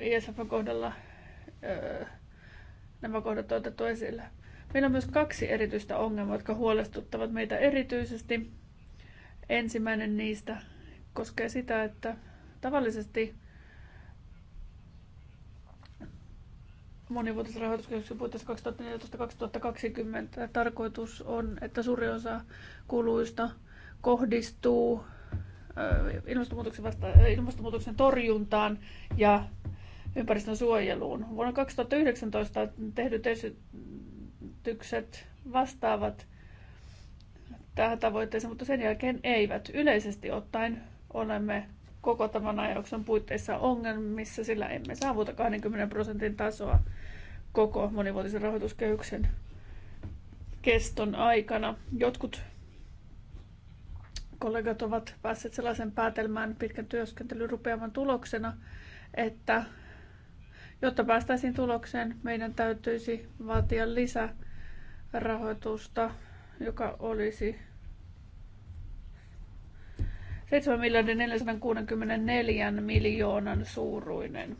ISF kohdalla nämä kohdat on otettu esille. Meillä on myös kaksi erityistä ongelmaa, jotka huolestuttavat meitä erityisesti. Ensimmäinen niistä koskee sitä, että tavallisesti monivuotisen rahoituskehyksen puitteissa 2014-2020 tarkoitus on, että suuri osa kuluista kohdistuu ilmastonmuutoksen, vasta- ilmastonmuutoksen torjuntaan ja ympäristön suojeluun. Vuonna 2019 tehdyt esitykset vastaavat tähän tavoitteeseen, mutta sen jälkeen eivät. Yleisesti ottaen olemme koko tämän ajauksen puitteissa ongelmissa, sillä emme saavuta 20 prosentin tasoa koko monivuotisen rahoituskehyksen keston aikana. Jotkut kollegat ovat päässeet sellaisen päätelmään pitkän työskentelyn rupeavan tuloksena, että jotta päästäisiin tulokseen, meidän täytyisi vaatia lisärahoitusta, joka olisi 7 miljardin 464 miljoonan suuruinen.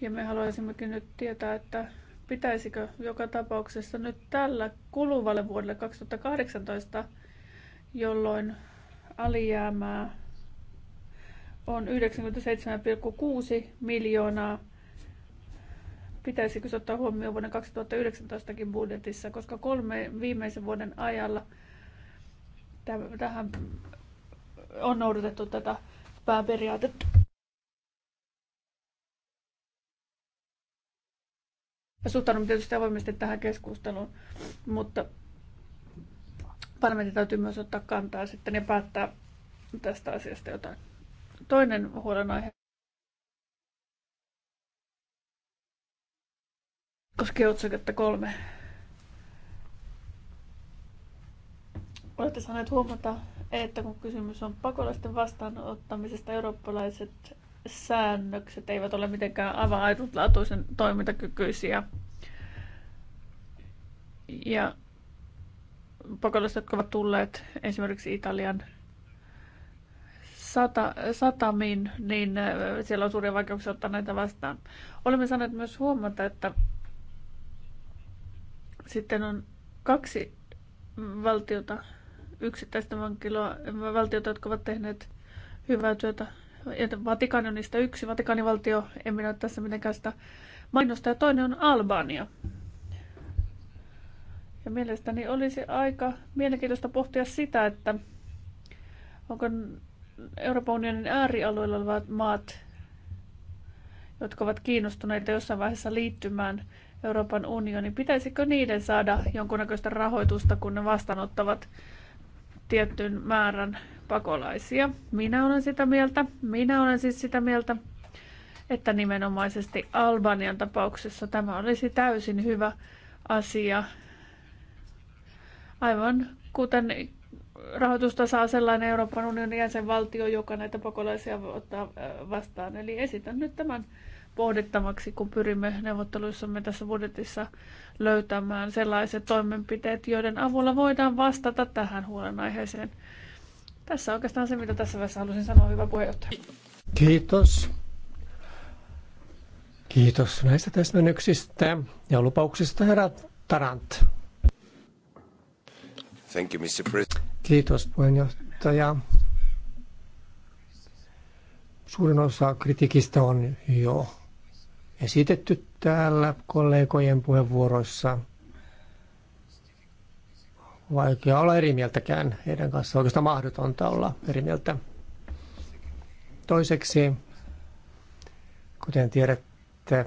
Ja me haluaisimmekin nyt tietää, että pitäisikö joka tapauksessa nyt tällä kuluvalle vuodelle 2018 jolloin alijäämää on 97,6 miljoonaa. Pitäisikö se ottaa huomioon vuoden 2019 budjetissa, koska kolme viimeisen vuoden ajalla tähän on noudatettu tätä pääperiaatetta. suhtaudun tietysti avoimesti tähän keskusteluun, mutta parlamentin täytyy myös ottaa kantaa sitten ja päättää tästä asiasta jotain. Toinen huolenaihe koskee otsaketta kolme. Olette saaneet huomata, että kun kysymys on pakolaisten vastaanottamisesta, eurooppalaiset säännökset eivät ole mitenkään aivan ainutlaatuisen toimintakykyisiä. Ja pakolaiset, jotka ovat tulleet esimerkiksi Italian sata, satamiin, niin äh, siellä on suuria vaikeuksia ottaa näitä vastaan. Olemme saaneet myös huomata, että sitten on kaksi valtiota, yksittäistä vankiloa, valtiota, jotka ovat tehneet hyvää työtä. Vatikaani on niistä yksi, Vatikaanivaltio, en minä ole tässä mitenkään sitä mainosta, ja toinen on Albania. Ja mielestäni olisi aika mielenkiintoista pohtia sitä, että onko Euroopan unionin äärialueilla olevat maat, jotka ovat kiinnostuneita jossain vaiheessa liittymään Euroopan unioniin, pitäisikö niiden saada jonkunnäköistä rahoitusta, kun ne vastaanottavat tietyn määrän pakolaisia? Minä olen sitä mieltä. Minä olen siis sitä mieltä, että nimenomaisesti Albanian tapauksessa tämä olisi täysin hyvä asia Aivan kuten rahoitusta saa sellainen Euroopan unionin jäsenvaltio, joka näitä pakolaisia ottaa vastaan. Eli esitän nyt tämän pohdittavaksi, kun pyrimme neuvotteluissamme tässä budjetissa löytämään sellaiset toimenpiteet, joiden avulla voidaan vastata tähän huolenaiheeseen. Tässä on oikeastaan se, mitä tässä vaiheessa halusin sanoa, hyvä puheenjohtaja. Kiitos. Kiitos näistä täsmennyksistä ja lupauksista, herra Tarant. Thank you, Mr. Kiitos puheenjohtaja. Suurin osa kritiikistä on jo esitetty täällä kollegojen puheenvuoroissa. Vaikea olla eri mieltäkään heidän kanssaan. Oikeastaan mahdotonta olla eri mieltä. Toiseksi, kuten tiedätte,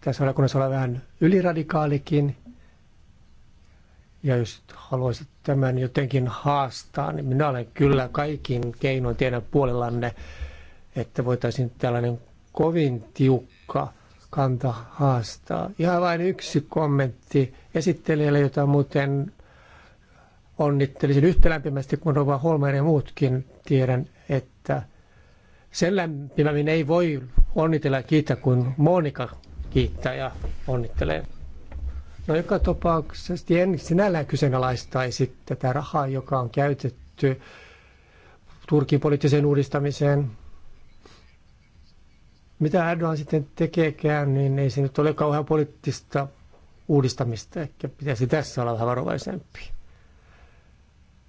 tässä valiokunnassa olla vähän yliradikaalikin. Ja jos haluaisit tämän jotenkin haastaa, niin minä olen kyllä kaikin keinoin teidän puolellanne, että voitaisiin tällainen kovin tiukka kanta haastaa. Ihan vain yksi kommentti esittelijälle, jota muuten onnittelisin yhtä lämpimästi kuin Rova Holmer ja muutkin. Tiedän, että sen lämpimämmin ei voi onnitella ja kiittää kuin Monika kiittää ja onnittelee. No joka tapauksessa en sinällään kyseenalaistaisi tätä rahaa, joka on käytetty Turkin poliittiseen uudistamiseen. Mitä Erdogan sitten tekeekään, niin ei se nyt ole kauhean poliittista uudistamista. Ehkä pitäisi tässä olla vähän varovaisempi.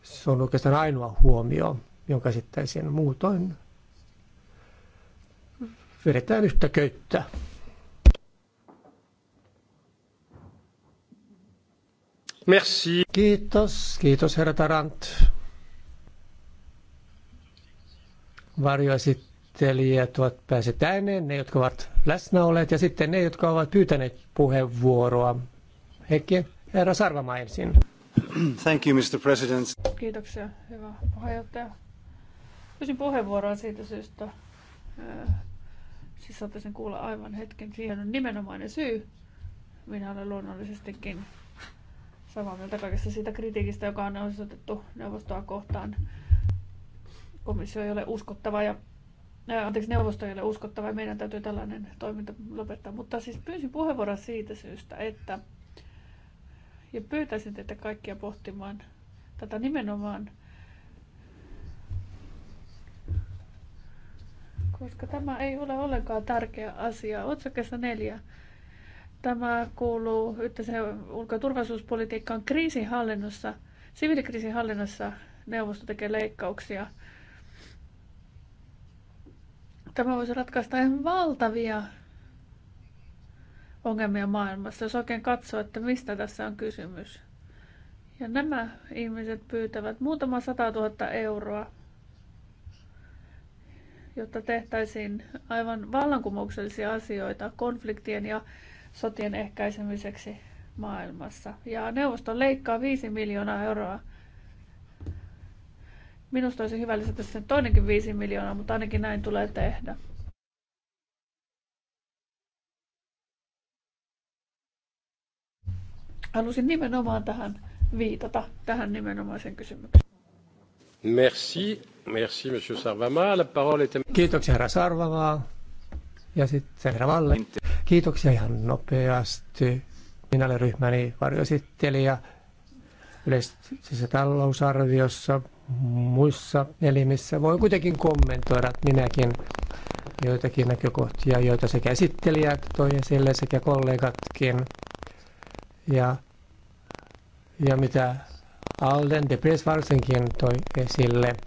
Se on oikeastaan ainoa huomio, jonka sitten siinä Muutoin vedetään yhtä köyttä. Merci. Kiitos, kiitos herra Tarant. Varjoesittelijät ovat pääset ääneen, ne jotka ovat läsnä olleet ja sitten ne, jotka ovat pyytäneet puheenvuoroa. Heikki, herra Sarvama ensin. Thank you, Mr. President. Kiitoksia, hyvä puheenjohtaja. Pyysin puheenvuoroa siitä syystä. Äh, siis saataisiin kuulla aivan hetken. Siihen on nimenomainen syy. Minä olen luonnollisestikin samaa mieltä kaikesta siitä kritiikistä, joka on osoitettu neuvostoa kohtaan. Komissio ei ole uskottava ja anteeksi, neuvosto ei ole uskottava ja meidän täytyy tällainen toiminta lopettaa. Mutta siis pyysin puheenvuoron siitä syystä, että ja pyytäisin teitä kaikkia pohtimaan tätä nimenomaan, koska tämä ei ole ollenkaan tärkeä asia. Otsakessa neljä Tämä kuuluu yhteiseen ulko- ja turvallisuuspolitiikkaan kriisinhallinnossa, siviilikriisinhallinnossa neuvosto tekee leikkauksia. Tämä voisi ratkaista ihan valtavia ongelmia maailmassa, jos oikein katsoo, että mistä tässä on kysymys. Ja nämä ihmiset pyytävät muutama sata tuhatta euroa, jotta tehtäisiin aivan vallankumouksellisia asioita konfliktien ja sotien ehkäisemiseksi maailmassa. Ja neuvosto leikkaa 5 miljoonaa euroa. Minusta olisi hyvä lisätä sen toinenkin 5 miljoonaa, mutta ainakin näin tulee tehdä. Halusin nimenomaan tähän viitata, tähän nimenomaisen kysymykseen. Merci, merci monsieur Sarvamaa. La parole est... Kiitoksia herra Sarvamaa ja sitten herra Valle. Kiitoksia ihan nopeasti. Minä olen ryhmäni varjoesittelijä yleisessä talousarviossa, muissa elimissä. Voin kuitenkin kommentoida minäkin joitakin näkökohtia, joita sekä esittelijät toi esille sekä kollegatkin. Ja, ja mitä Alden de press varsinkin toi esille –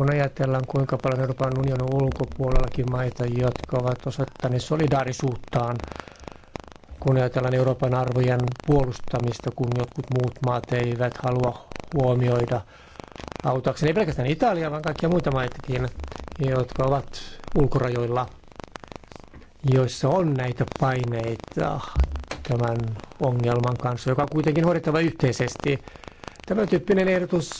kun ajatellaan kuinka paljon Euroopan unionin ulkopuolellakin maita, jotka ovat osoittaneet solidaarisuuttaan, kun ajatellaan Euroopan arvojen puolustamista, kun jotkut muut maat eivät halua huomioida autakseen, ei pelkästään Italia, vaan kaikkia muita maitakin, jotka ovat ulkorajoilla, joissa on näitä paineita tämän ongelman kanssa, joka on kuitenkin hoidettava yhteisesti. Tämän tyyppinen ehdotus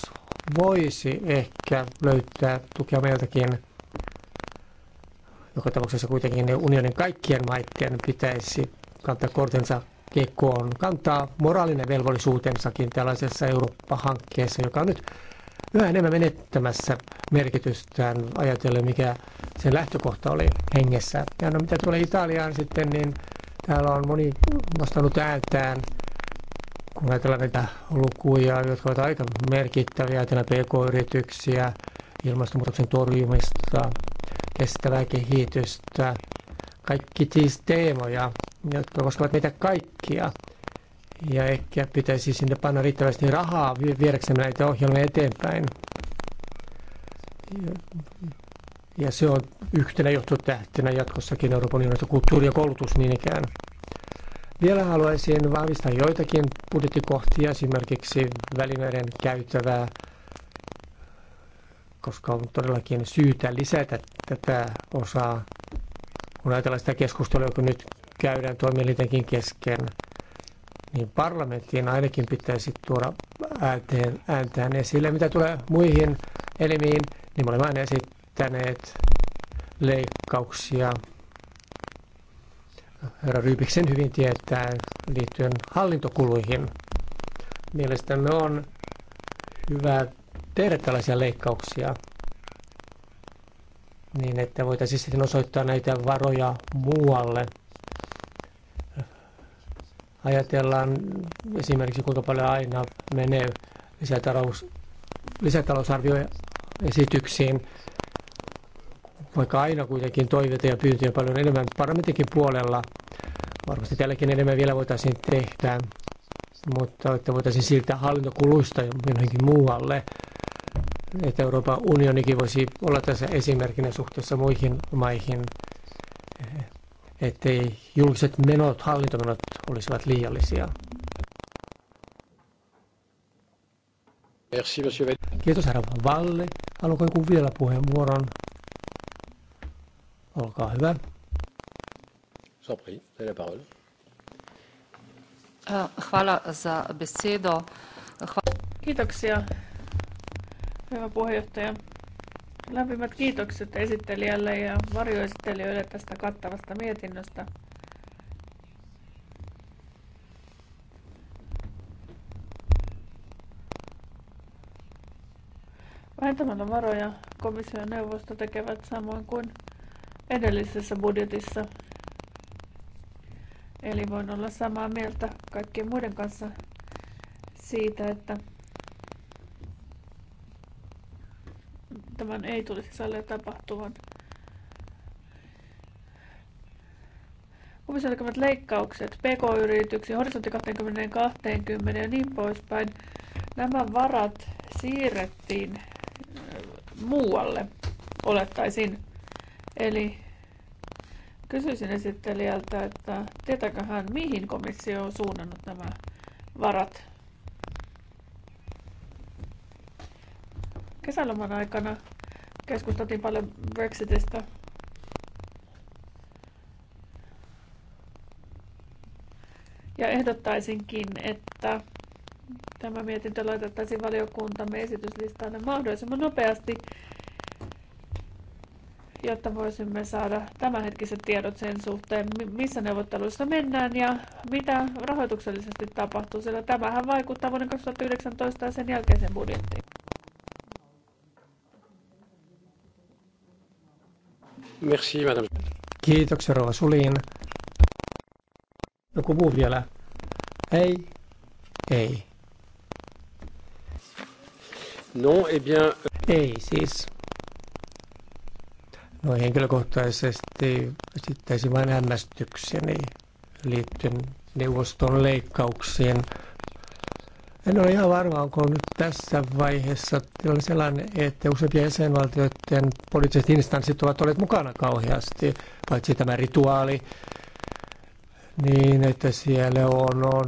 voisi ehkä löytää tukea meiltäkin. Joka tapauksessa kuitenkin unionin kaikkien maiden pitäisi kantaa kortensa kekoon, kantaa moraalinen velvollisuutensakin tällaisessa Eurooppa-hankkeessa, joka on nyt yhä enemmän menettämässä merkitystään ajatellen, mikä sen lähtökohta oli hengessä. Ja no mitä tulee Italiaan sitten, niin täällä on moni nostanut ääntään kun ajatellaan näitä lukuja, jotka ovat aika merkittäviä, ajatellaan pk-yrityksiä, ilmastonmuutoksen torjumista, kestävää kehitystä, kaikki siis teemoja, jotka koskevat meitä kaikkia. Ja ehkä pitäisi sinne panna riittävästi rahaa viedäksemme näitä ohjelmia eteenpäin. Ja se on yhtenä johtotähtenä jatkossakin Euroopan unionin kulttuuri ja koulutus niin ikään. Vielä haluaisin vahvistaa joitakin budjettikohtia, esimerkiksi välimeren käytävää, koska on todellakin syytä lisätä tätä osaa, kun ajatellaan sitä keskustelua, joka nyt käydään toimielintenkin kesken, niin parlamenttiin ainakin pitäisi tuoda äänteen, ääntään esille. Mitä tulee muihin elimiin, niin me olemme aina esittäneet leikkauksia herra Ryypik sen hyvin tietää liittyen hallintokuluihin. Mielestämme on hyvä tehdä tällaisia leikkauksia niin, että voitaisiin sitten osoittaa näitä varoja muualle. Ajatellaan esimerkiksi, kuinka paljon aina menee lisätalous, lisätalousarvioesityksiin vaikka aina kuitenkin toiveita ja pyyntöjä paljon enemmän parlamentinkin puolella. Varmasti tälläkin enemmän vielä voitaisiin tehdä, mutta että voitaisiin siirtää hallintokuluista johonkin muualle. Että Euroopan unionikin voisi olla tässä esimerkkinä suhteessa muihin maihin, ettei julkiset menot, hallintomenot olisivat liiallisia. Merci, Kiitos herra valle Haluanko joku vielä puheenvuoron? Olkaa hyvä. Eh, Kiitoksia, hyvä puheenjohtaja. Lämpimät kiitokset esittelijälle ja varjoesittelijöille tästä kattavasta mietinnöstä. Vähentämällä varoja komission neuvosto tekevät samoin kuin edellisessä budjetissa. Eli voin olla samaa mieltä kaikkien muiden kanssa siitä, että tämän ei tulisi sallia tapahtuvan. Uviselkamat leikkaukset, pk-yrityksiin, horisontti 20, 20 ja niin poispäin. Nämä varat siirrettiin äh, muualle, olettaisin. Eli kysyisin esittelijältä, että tietääkö hän, mihin komissio on suunnannut nämä varat? Kesäloman aikana keskusteltiin paljon Brexitistä. Ja ehdottaisinkin, että tämä mietintö laitettaisiin valiokuntamme esityslistalle mahdollisimman nopeasti jotta voisimme saada tämänhetkiset tiedot sen suhteen, missä neuvotteluissa mennään ja mitä rahoituksellisesti tapahtuu, sillä tämähän vaikuttaa vuoden 2019 ja sen jälkeisen budjettiin. Merci, madame. Kiitoksia, Rova Sulin. Joku muu vielä? Ei? Ei. Non, eh bien... Euh, Ei siis. No henkilökohtaisesti esittäisin vain hämmästykseni liittyen neuvoston leikkauksiin. En ole ihan varma, onko nyt tässä vaiheessa tilanne sellainen, että useimpien jäsenvaltioiden poliittiset instanssit ovat olleet mukana kauheasti, paitsi tämä rituaali, niin että siellä on, on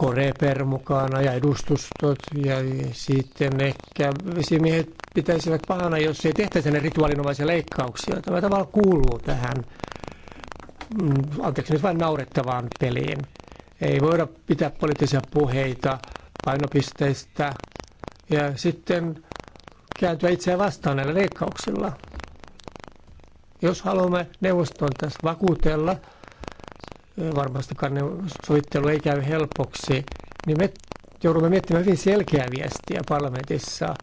Koreper mukana ja edustustot ja sitten ehkä vesimiehet pitäisivät pahana, jos ei tehtäisi ne rituaalinomaisia leikkauksia. Tämä tavalla kuuluu tähän, mm, anteeksi nyt vain naurettavaan peliin. Ei voida pitää poliittisia puheita painopisteistä ja sitten kääntyä itseään vastaan näillä leikkauksilla. Jos haluamme neuvoston tässä vakuutella, varmastikaan ne sovittelu ei käy helpoksi, niin me joudumme miettimään hyvin selkeää viestiä parlamentissa,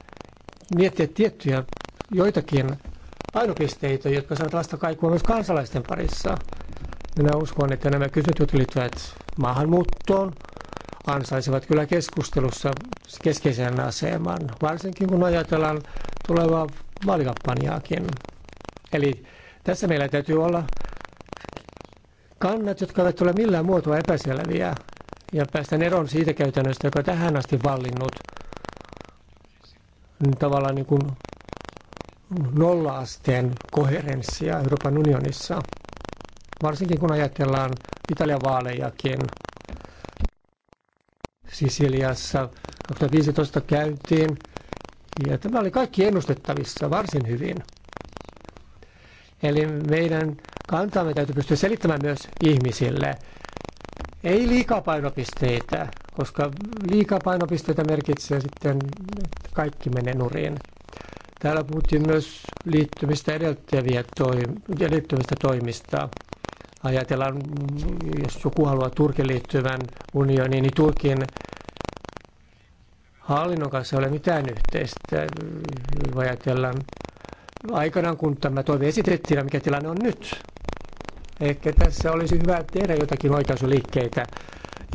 miettiä tiettyjä joitakin painopisteitä, jotka saavat vastakaikua myös kansalaisten parissa. Minä uskon, että nämä kysymykset, jotka liittyvät maahanmuuttoon, ansaisivat kyllä keskustelussa keskeisen aseman, varsinkin kun ajatellaan tulevaa vaalikampanjaakin. Eli tässä meillä täytyy olla kannat, jotka eivät ole millään muotoa epäselviä, ja päästään eroon siitä käytännöstä, joka tähän asti vallinnut niin tavallaan niin kuin nolla-asteen koherenssia Euroopan unionissa, varsinkin kun ajatellaan Italian vaalejakin. Sisiliassa 2015 käytiin, ja tämä oli kaikki ennustettavissa varsin hyvin – Eli meidän kantamme täytyy pystyä selittämään myös ihmisille. Ei liikaa painopisteitä, koska liikaa painopisteitä merkitsee sitten, että kaikki menee nurin. Täällä puhuttiin myös liittymistä edeltäviä toim- toimista. Ajatellaan, jos joku haluaa Turkin liittyvän unioniin, niin Turkin hallinnon kanssa ei ole mitään yhteistä. Ajatellaan aikanaan, kun tämä toive esitettiin ja mikä tilanne on nyt. Ehkä tässä olisi hyvä tehdä jotakin oikaisuliikkeitä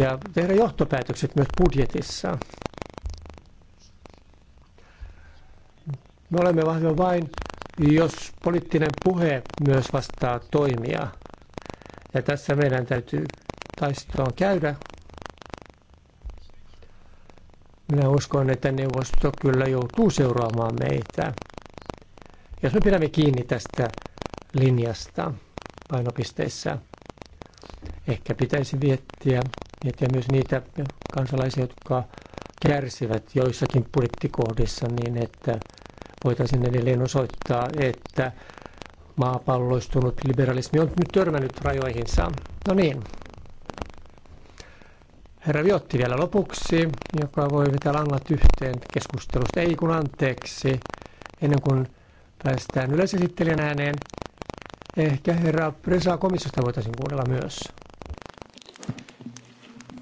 ja tehdä johtopäätökset myös budjetissa. Me olemme vahvoja vain, jos poliittinen puhe myös vastaa toimia. Ja tässä meidän täytyy taistoon käydä. Minä uskon, että neuvosto kyllä joutuu seuraamaan meitä. Jos me pidämme kiinni tästä linjasta painopisteissä, ehkä pitäisi viettiä, miettiä myös niitä kansalaisia, jotka kärsivät joissakin budjettikohdissa niin, että voitaisiin edelleen osoittaa, että maapalloistunut liberalismi on nyt törmännyt rajoihinsa. No niin. Herra Viotti vielä lopuksi, joka voi vetää langat yhteen keskustelusta. Ei kun anteeksi, ennen kuin päästään yleisesittelijän ääneen. Ehkä herra Presa komissiosta voitaisiin kuunnella myös.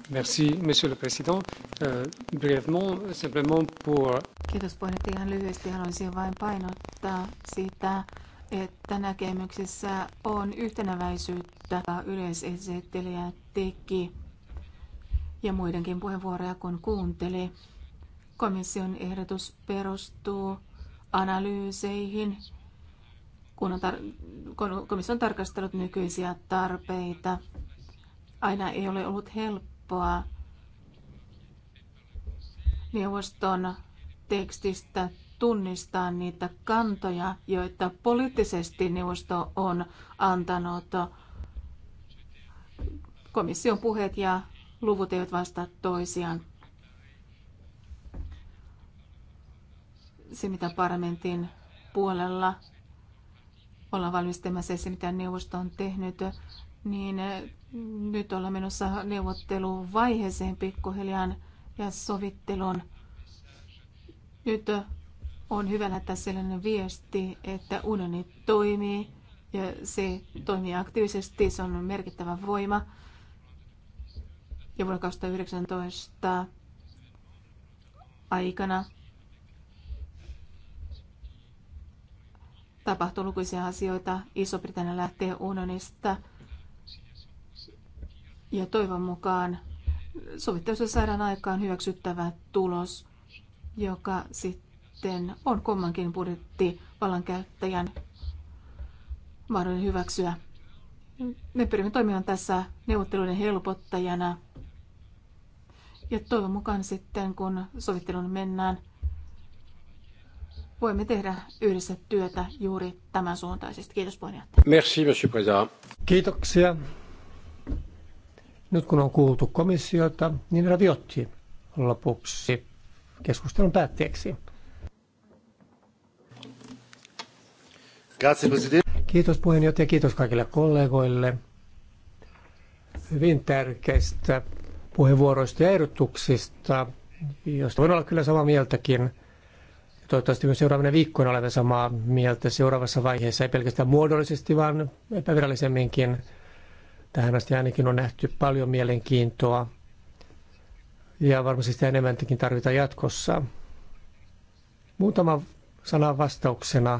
Merci, monsieur le président. Euh, brièvement, simplement pour... Kiitos puheenjohtaja. Ihan lyhyesti haluaisin vain painottaa sitä, että näkemyksessä on yhtenäväisyyttä yleisesittelijä teki ja muidenkin puheenvuoroja kun kuunteli. Komission ehdotus perustuu analyyseihin, kun, on tar- kun komissio on tarkastellut nykyisiä tarpeita. Aina ei ole ollut helppoa neuvoston tekstistä tunnistaa niitä kantoja, joita poliittisesti neuvosto on antanut. Komission puheet ja luvut eivät vastaa toisiaan. se, mitä parlamentin puolella ollaan valmistelemassa ja se, mitä neuvosto on tehnyt, niin eh, nyt ollaan menossa neuvotteluvaiheeseen pikkuhiljaa ja sovittelun. Nyt on hyvä lähettää sellainen viesti, että unioni toimii ja se toimii aktiivisesti, se on merkittävä voima. Ja vuonna 2019 aikana tapahtui lukuisia asioita. Iso-Britannia lähtee unionista. Ja toivon mukaan sovittelussa saadaan aikaan hyväksyttävä tulos, joka sitten on kummankin vallankäyttäjän mahdollinen hyväksyä. Me pyrimme toimimaan tässä neuvotteluiden helpottajana. Ja toivon mukaan sitten, kun sovitteluun mennään, voimme tehdä yhdessä työtä juuri tämän suuntaisesti. Kiitos puheenjohtaja. Merci, monsieur président. Kiitoksia. Nyt kun on kuultu komissiota, niin Raviotti lopuksi keskustelun päätteeksi. Kiitos puheenjohtaja, kiitos kaikille kollegoille hyvin tärkeistä puheenvuoroista ja ehdotuksista, joista voin olla kyllä samaa mieltäkin – Toivottavasti myös seuraavana viikkoina olemme samaa mieltä seuraavassa vaiheessa, ei pelkästään muodollisesti, vaan epävirallisemminkin. Tähän asti ainakin on nähty paljon mielenkiintoa ja varmasti sitä enemmänkin tarvitaan jatkossa. Muutama sana vastauksena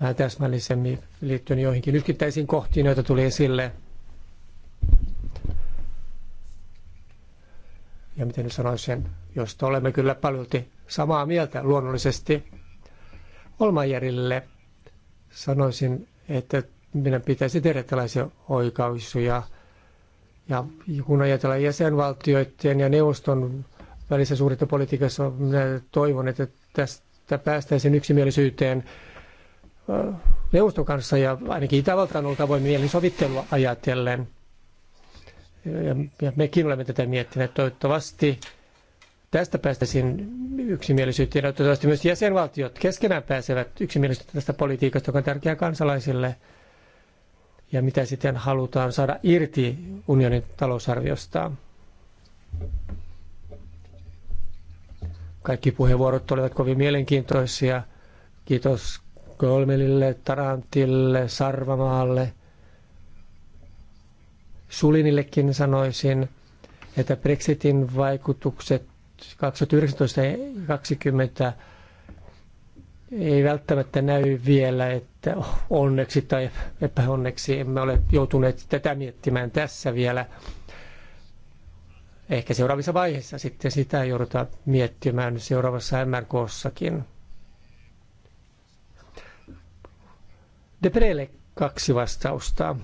vähän täsmällisemmin liittyen joihinkin yksittäisiin kohtiin, joita tuli esille. ja miten nyt sanoisin sen, josta olemme kyllä paljolti samaa mieltä luonnollisesti. Olmajärille sanoisin, että meidän pitäisi tehdä tällaisia oikaisuja. Ja kun ajatellaan jäsenvaltioiden ja neuvoston välissä suurinta politiikassa, minä toivon, että tästä päästäisiin yksimielisyyteen äh, neuvoston kanssa ja ainakin Itävaltaan oltava mielin sovittelua ajatellen – ja mekin olemme tätä miettineet. Toivottavasti tästä päästäisiin yksimielisyyteen. Ja toivottavasti myös jäsenvaltiot keskenään pääsevät yksimielisyyteen tästä politiikasta, joka on tärkeää kansalaisille. Ja mitä sitten halutaan saada irti unionin talousarviosta. Kaikki puheenvuorot olivat kovin mielenkiintoisia. Kiitos Kolmelille, Tarantille, Sarvamaalle – Sulinillekin sanoisin, että Brexitin vaikutukset 2019-2020 ei välttämättä näy vielä, että onneksi tai epäonneksi emme ole joutuneet tätä miettimään tässä vielä. Ehkä seuraavissa vaiheissa sitten sitä joudutaan miettimään seuraavassa MRKssakin. prele kaksi vastausta.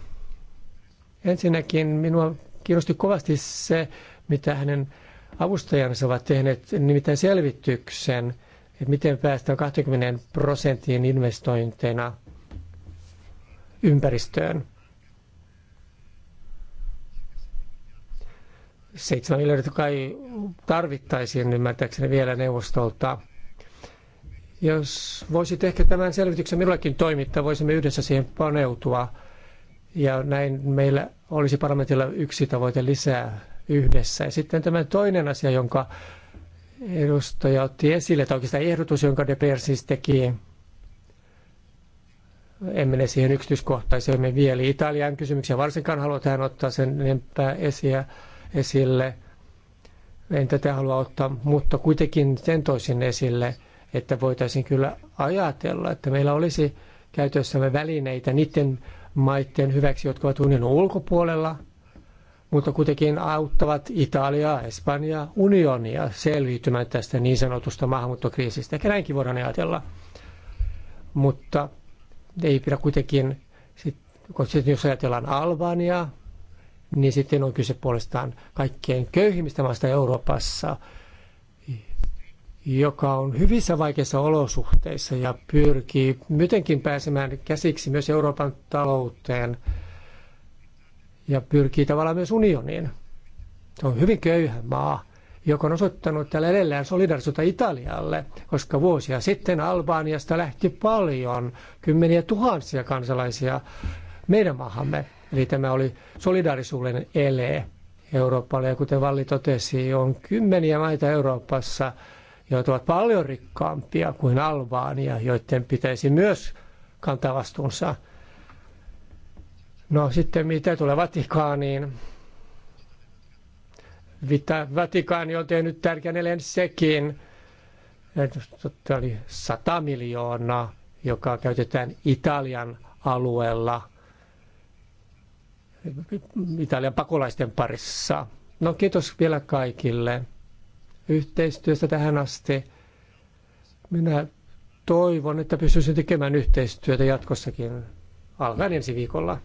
Ensinnäkin minua kiinnosti kovasti se, mitä hänen avustajansa ovat tehneet, nimittäin selvityksen, että miten päästään 20 prosentin investointeina ympäristöön. 7 miljardia kai tarvittaisiin ymmärtääkseni vielä neuvostolta. Jos voisit ehkä tämän selvityksen minullekin toimittaa, voisimme yhdessä siihen paneutua ja näin meillä olisi parlamentilla yksi tavoite lisää yhdessä. Ja sitten tämä toinen asia, jonka edustaja otti esille, tai oikeastaan ehdotus, jonka De Persis siis teki, en mene siihen yksityiskohtaisemmin vielä. Italian kysymyksiä varsinkaan haluat tähän ottaa sen enempää esiä, esille. En tätä halua ottaa, mutta kuitenkin sen toisin esille, että voitaisiin kyllä ajatella, että meillä olisi käytössämme välineitä niiden maiden hyväksi, jotka ovat unionin ulkopuolella, mutta kuitenkin auttavat Italiaa, Espanjaa, unionia selviytymään tästä niin sanotusta maahanmuuttokriisistä. Ehkä näinkin voidaan ajatella. Mutta ei pidä kuitenkin, sit, jos ajatellaan Albaniaa, niin sitten on kyse puolestaan kaikkein köyhimmistä maista Euroopassa – joka on hyvissä vaikeissa olosuhteissa ja pyrkii mitenkin pääsemään käsiksi myös Euroopan talouteen ja pyrkii tavallaan myös unioniin. Se on hyvin köyhä maa, joka on osoittanut täällä edelleen solidarisuutta Italialle, koska vuosia sitten Albaniasta lähti paljon, kymmeniä tuhansia kansalaisia meidän maahamme. Eli tämä oli solidarisuuden ele Euroopalle. Ja kuten Valli totesi, on kymmeniä maita Euroopassa, jotka ovat paljon rikkaampia kuin Albaania, joiden pitäisi myös kantaa vastuunsa. No sitten mitä tulee Vatikaaniin? Vita, Vatikaani on tehnyt tärkeän elen sekin. Tämä oli 100 miljoonaa, joka käytetään Italian alueella, Italian pakolaisten parissa. No kiitos vielä kaikille yhteistyöstä tähän asti. Minä toivon, että pystyisin tekemään yhteistyötä jatkossakin alkaen ensi viikolla.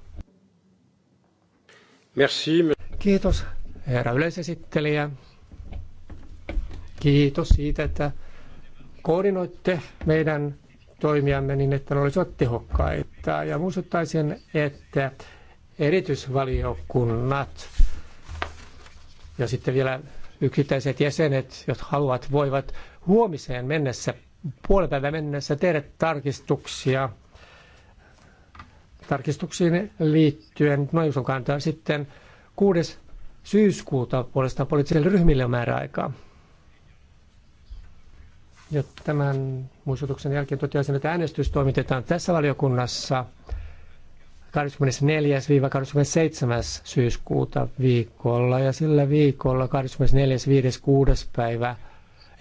Merci. Kiitos herra yleisesittelijä. Kiitos siitä, että koordinoitte meidän toimijamme niin, että ne olisivat tehokkaita. Ja muistuttaisin, että erityisvaliokunnat ja sitten vielä yksittäiset jäsenet, jotka haluavat, voivat huomiseen mennessä, puolipäivän mennessä tehdä tarkistuksia tarkistuksiin liittyen. Noin kantaa sitten 6. syyskuuta puolestaan poliittisille ryhmille on määräaikaa. Ja tämän muistutuksen jälkeen toteaisin, että äänestys toimitetaan tässä valiokunnassa – 24-27. syyskuuta viikolla ja sillä viikolla 24. 56 päivä,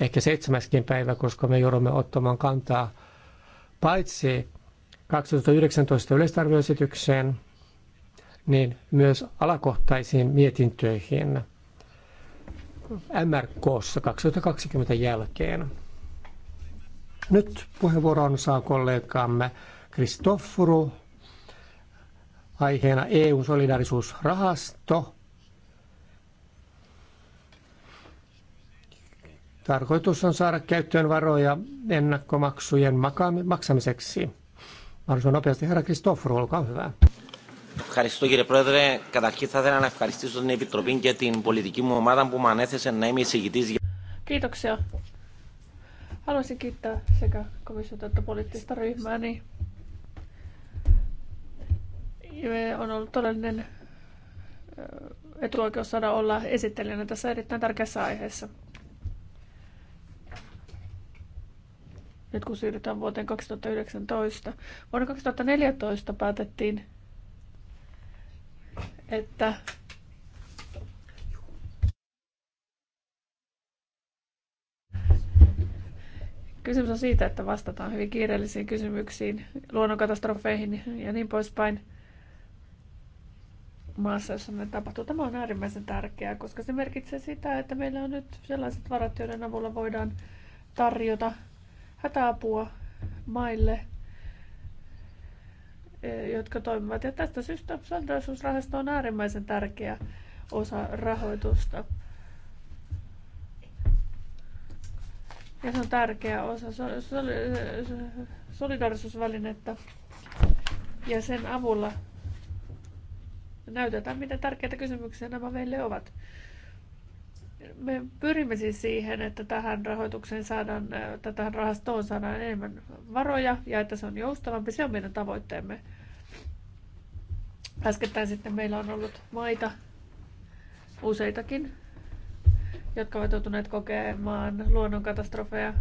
ehkä seitsemäskin päivä, koska me joudumme ottamaan kantaa paitsi 2019 yleistarvioesitykseen, niin myös alakohtaisiin mietintöihin MRKssa 2020 jälkeen. Nyt puheenvuoron saa kollegaamme Kristoffuru aiheena EUn solidarisuusrahasto. Tarkoitus on saada käyttöön varoja ennakkomaksujen maksamiseksi. Mahdollisimman nopeasti herra Kristofru, olkaa hyvä. Ευχαριστώ κύριε Πρόεδρε. Καταρχήν θα ήθελα να ευχαριστήσω την Επιτροπή και την πολιτική μου ομάδα που με ανέθεσε να είμαι εισηγητή. για... Kiitoksia. Haluaisin kiittää sekä komissiota että poliittista ryhmääni niin on ollut todellinen etuoikeus saada olla esittelijänä tässä erittäin tärkeässä aiheessa. Nyt kun siirrytään vuoteen 2019. Vuonna 2014 päätettiin, että Kysymys on siitä, että vastataan hyvin kiireellisiin kysymyksiin, luonnonkatastrofeihin ja niin poispäin maassa, jossa ne tapahtuu. Tämä on äärimmäisen tärkeää, koska se merkitsee sitä, että meillä on nyt sellaiset varat, joiden avulla voidaan tarjota hätäapua maille, e, jotka toimivat. Ja tästä syystä solidarisuusrahasto on äärimmäisen tärkeä osa rahoitusta. Ja se on tärkeä osa solidaarisuusvälinettä. Ja sen avulla näytetään, miten tärkeitä kysymyksiä nämä meille ovat. Me pyrimme siis siihen, että tähän rahoitukseen saadaan, äh, tai tähän rahastoon saadaan enemmän varoja ja että se on joustavampi. Se on meidän tavoitteemme. Äskettäin sitten meillä on ollut maita, useitakin, jotka ovat joutuneet kokemaan luonnonkatastrofeja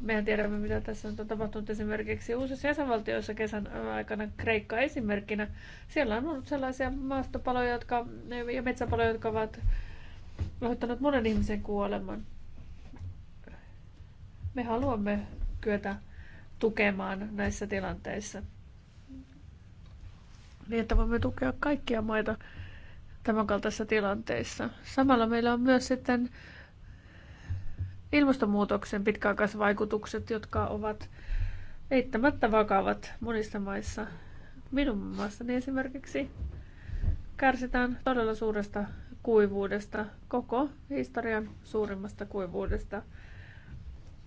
Mehän tiedämme, mitä tässä on tapahtunut esimerkiksi uusissa jäsenvaltioissa kesän aikana, Kreikka esimerkkinä. Siellä on ollut sellaisia maastopaloja jotka, ja metsäpaloja, jotka ovat aiheuttaneet monen ihmisen kuoleman. Me haluamme kyetä tukemaan näissä tilanteissa. Niin, että voimme tukea kaikkia maita tämänkaltaisissa tilanteissa. Samalla meillä on myös sitten ilmastonmuutoksen pitkäaikaisvaikutukset, jotka ovat eittämättä vakavat monissa maissa. Minun maassani esimerkiksi kärsitään todella suuresta kuivuudesta, koko historian suurimmasta kuivuudesta.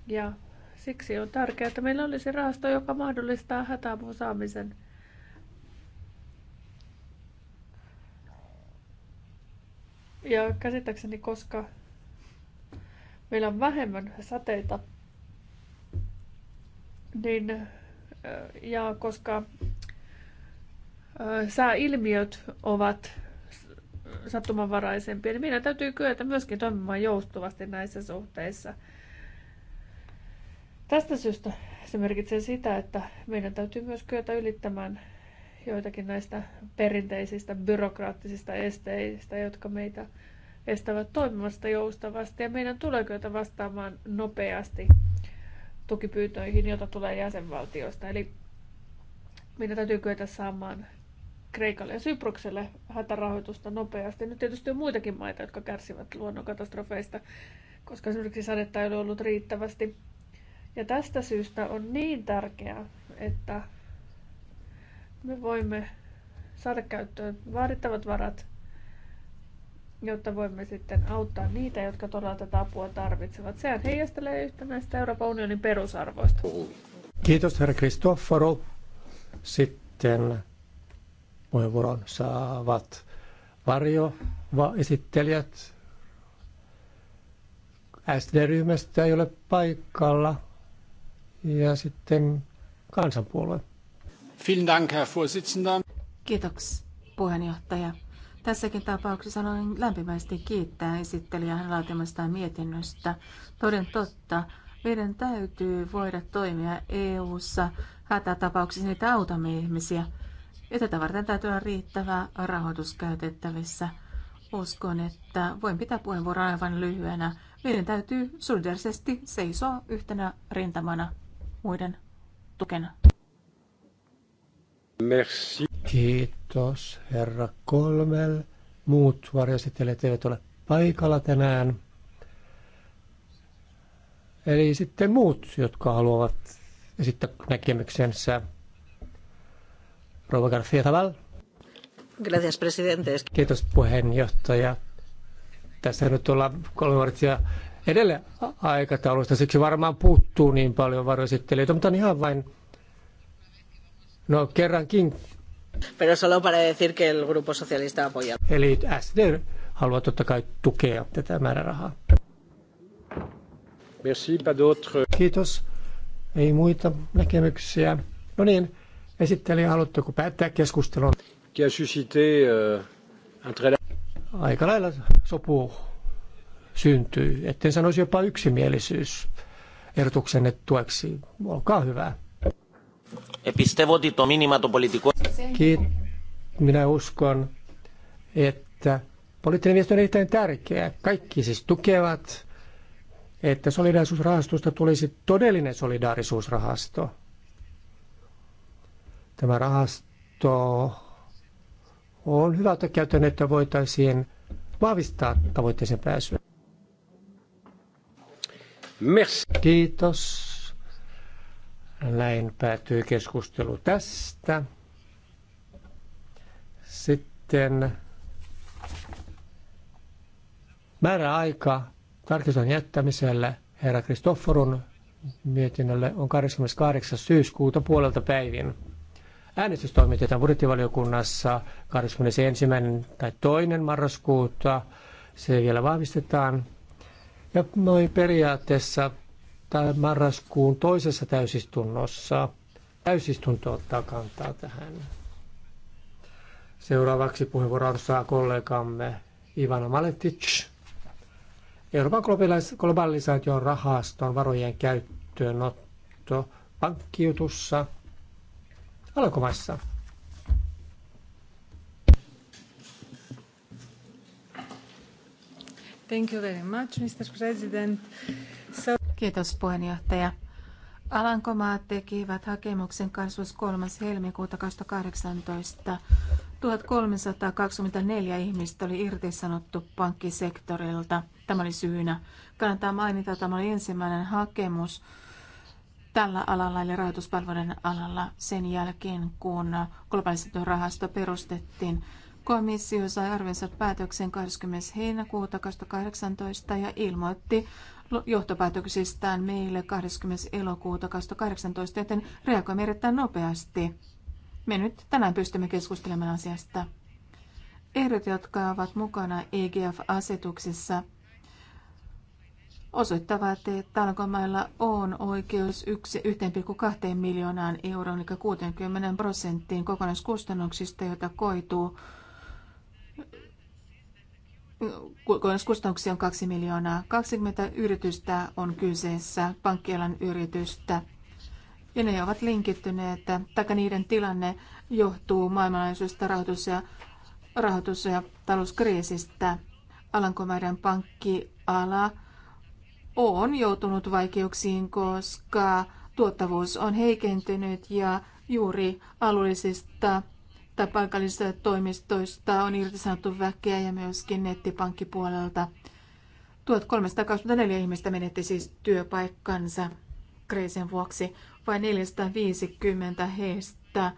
Ja siksi on tärkeää, että meillä olisi rahasto, joka mahdollistaa hätäavun saamisen. Ja käsittääkseni, koska meillä on vähemmän sateita, niin ja koska sääilmiöt ovat sattumanvaraisempia, niin meidän täytyy kyetä myöskin toimimaan joustuvasti näissä suhteissa. Tästä syystä se merkitsee sitä, että meidän täytyy myös kyetä ylittämään joitakin näistä perinteisistä byrokraattisista esteistä, jotka meitä estävät toimimasta joustavasti ja meidän tulee kyetä vastaamaan nopeasti tukipyyntöihin, joita tulee jäsenvaltioista. Eli meidän täytyy kyetä saamaan Kreikalle ja Syprokselle hätärahoitusta nopeasti. Nyt tietysti on muitakin maita, jotka kärsivät luonnonkatastrofeista, koska esimerkiksi sadetta ei ole ollut riittävästi. Ja tästä syystä on niin tärkeää, että me voimme saada käyttöön vaadittavat varat jotta voimme sitten auttaa niitä, jotka todella tätä apua tarvitsevat. Sehän heijastelee yhtä näistä Euroopan unionin perusarvoista. Kiitos herra Kristofforo. Sitten puheenvuoron saavat varjo esittelijät. SD-ryhmästä ei ole paikalla. Ja sitten kansanpuolue. Vielen Dank, Herr Vorsitzender. Kiitoksia, puheenjohtaja. Tässäkin tapauksessa haluan lämpimästi kiittää esittelijää hänen laatimastaan mietinnöstä. Toden totta, meidän täytyy voida toimia EU-ssa hätätapauksissa, niitä autamme ihmisiä. Ja tätä varten täytyy olla riittävä rahoitus käytettävissä. Uskon, että voin pitää puheenvuoron aivan lyhyenä. Meidän täytyy solidarisesti seisoa yhtenä rintamana muiden tukena. Merci. Kiitos, herra Kolmel. Muut varjoesittelijät eivät ole paikalla tänään. Eli sitten muut, jotka haluavat esittää näkemyksensä. Rouva García Zaval. Gracias, presidente. Kiitos puheenjohtaja. Tässä nyt ollaan kolme varttia edelleen aikataulusta, siksi varmaan puuttuu niin paljon varjoesittelijöitä, mutta on ihan vain No kerrankin. Pero solo para decir que el grupo socialista apoya. Eli SD haluaa totta kai tukea tätä määrärahaa. Merci, pas Kiitos. Ei muita näkemyksiä. No niin, esittelijä, haluatteko päättää keskustelun? Qui a suscité, uh, entre très... Aika lailla sopu syntyy, etten sanoisi jopa yksimielisyys ehdotuksenne tueksi. Olkaa hyvä. Minä uskon, että poliittinen viesti on erittäin tärkeä. Kaikki siis tukevat, että solidaarisuusrahastosta tulisi todellinen solidaarisuusrahasto. Tämä rahasto on hyvä ottaa käyttöön, että voitaisiin vahvistaa tavoitteeseen pääsyä. Merci. Kiitos. Näin päättyy keskustelu tästä. Sitten määräaika tarkistuksen jättämiselle herra Kristofforun mietinnölle on 28. syyskuuta puolelta päivin. Äänestys toimitetaan budjettivaliokunnassa 21. tai 2. marraskuuta. Se vielä vahvistetaan. Ja noin periaatteessa marraskuun toisessa täysistunnossa täysistunto ottaa kantaa tähän. Seuraavaksi puheenvuoron saa kollegamme Ivana Maletic. Euroopan globalisaation rahaston varojen käyttöönotto pankkiutussa alkomaissa. Thank you very much, Mr. President. Kiitos puheenjohtaja. Alankomaat tekivät hakemuksen 23. helmikuuta 2018. 1324 ihmistä oli irtisanottu pankkisektorilta. Tämä oli syynä. Kannattaa mainita, että tämä oli ensimmäinen hakemus tällä alalla, eli rahoituspalveluiden alalla, sen jälkeen kun globalisaation rahasto perustettiin. Komissio sai arvensa päätöksen 20. heinäkuuta 2018 ja ilmoitti johtopäätöksistään meille 20. elokuuta 2018, joten reagoimme erittäin nopeasti. Me nyt tänään pystymme keskustelemaan asiasta. Ehdot, jotka ovat mukana EGF-asetuksessa, osoittavat, että alkomailla on oikeus 1,2 miljoonaan euroon, eli 60 prosenttiin kokonaiskustannuksista, joita koituu Kustannuksia on 2 miljoonaa. 20 yritystä on kyseessä, pankkialan yritystä. Ja ne ovat linkittyneet, taikka niiden tilanne johtuu maailmanlaajuisesta rahoitus- ja, rahoitus- ja talouskriisistä. Alankomaiden pankkiala on joutunut vaikeuksiin, koska tuottavuus on heikentynyt ja juuri alueellisista että paikallisista toimistoista on irtisanottu väkeä ja myöskin nettipankkipuolelta. 1324 ihmistä menetti siis työpaikkansa kriisin vuoksi. Vain 450 heistä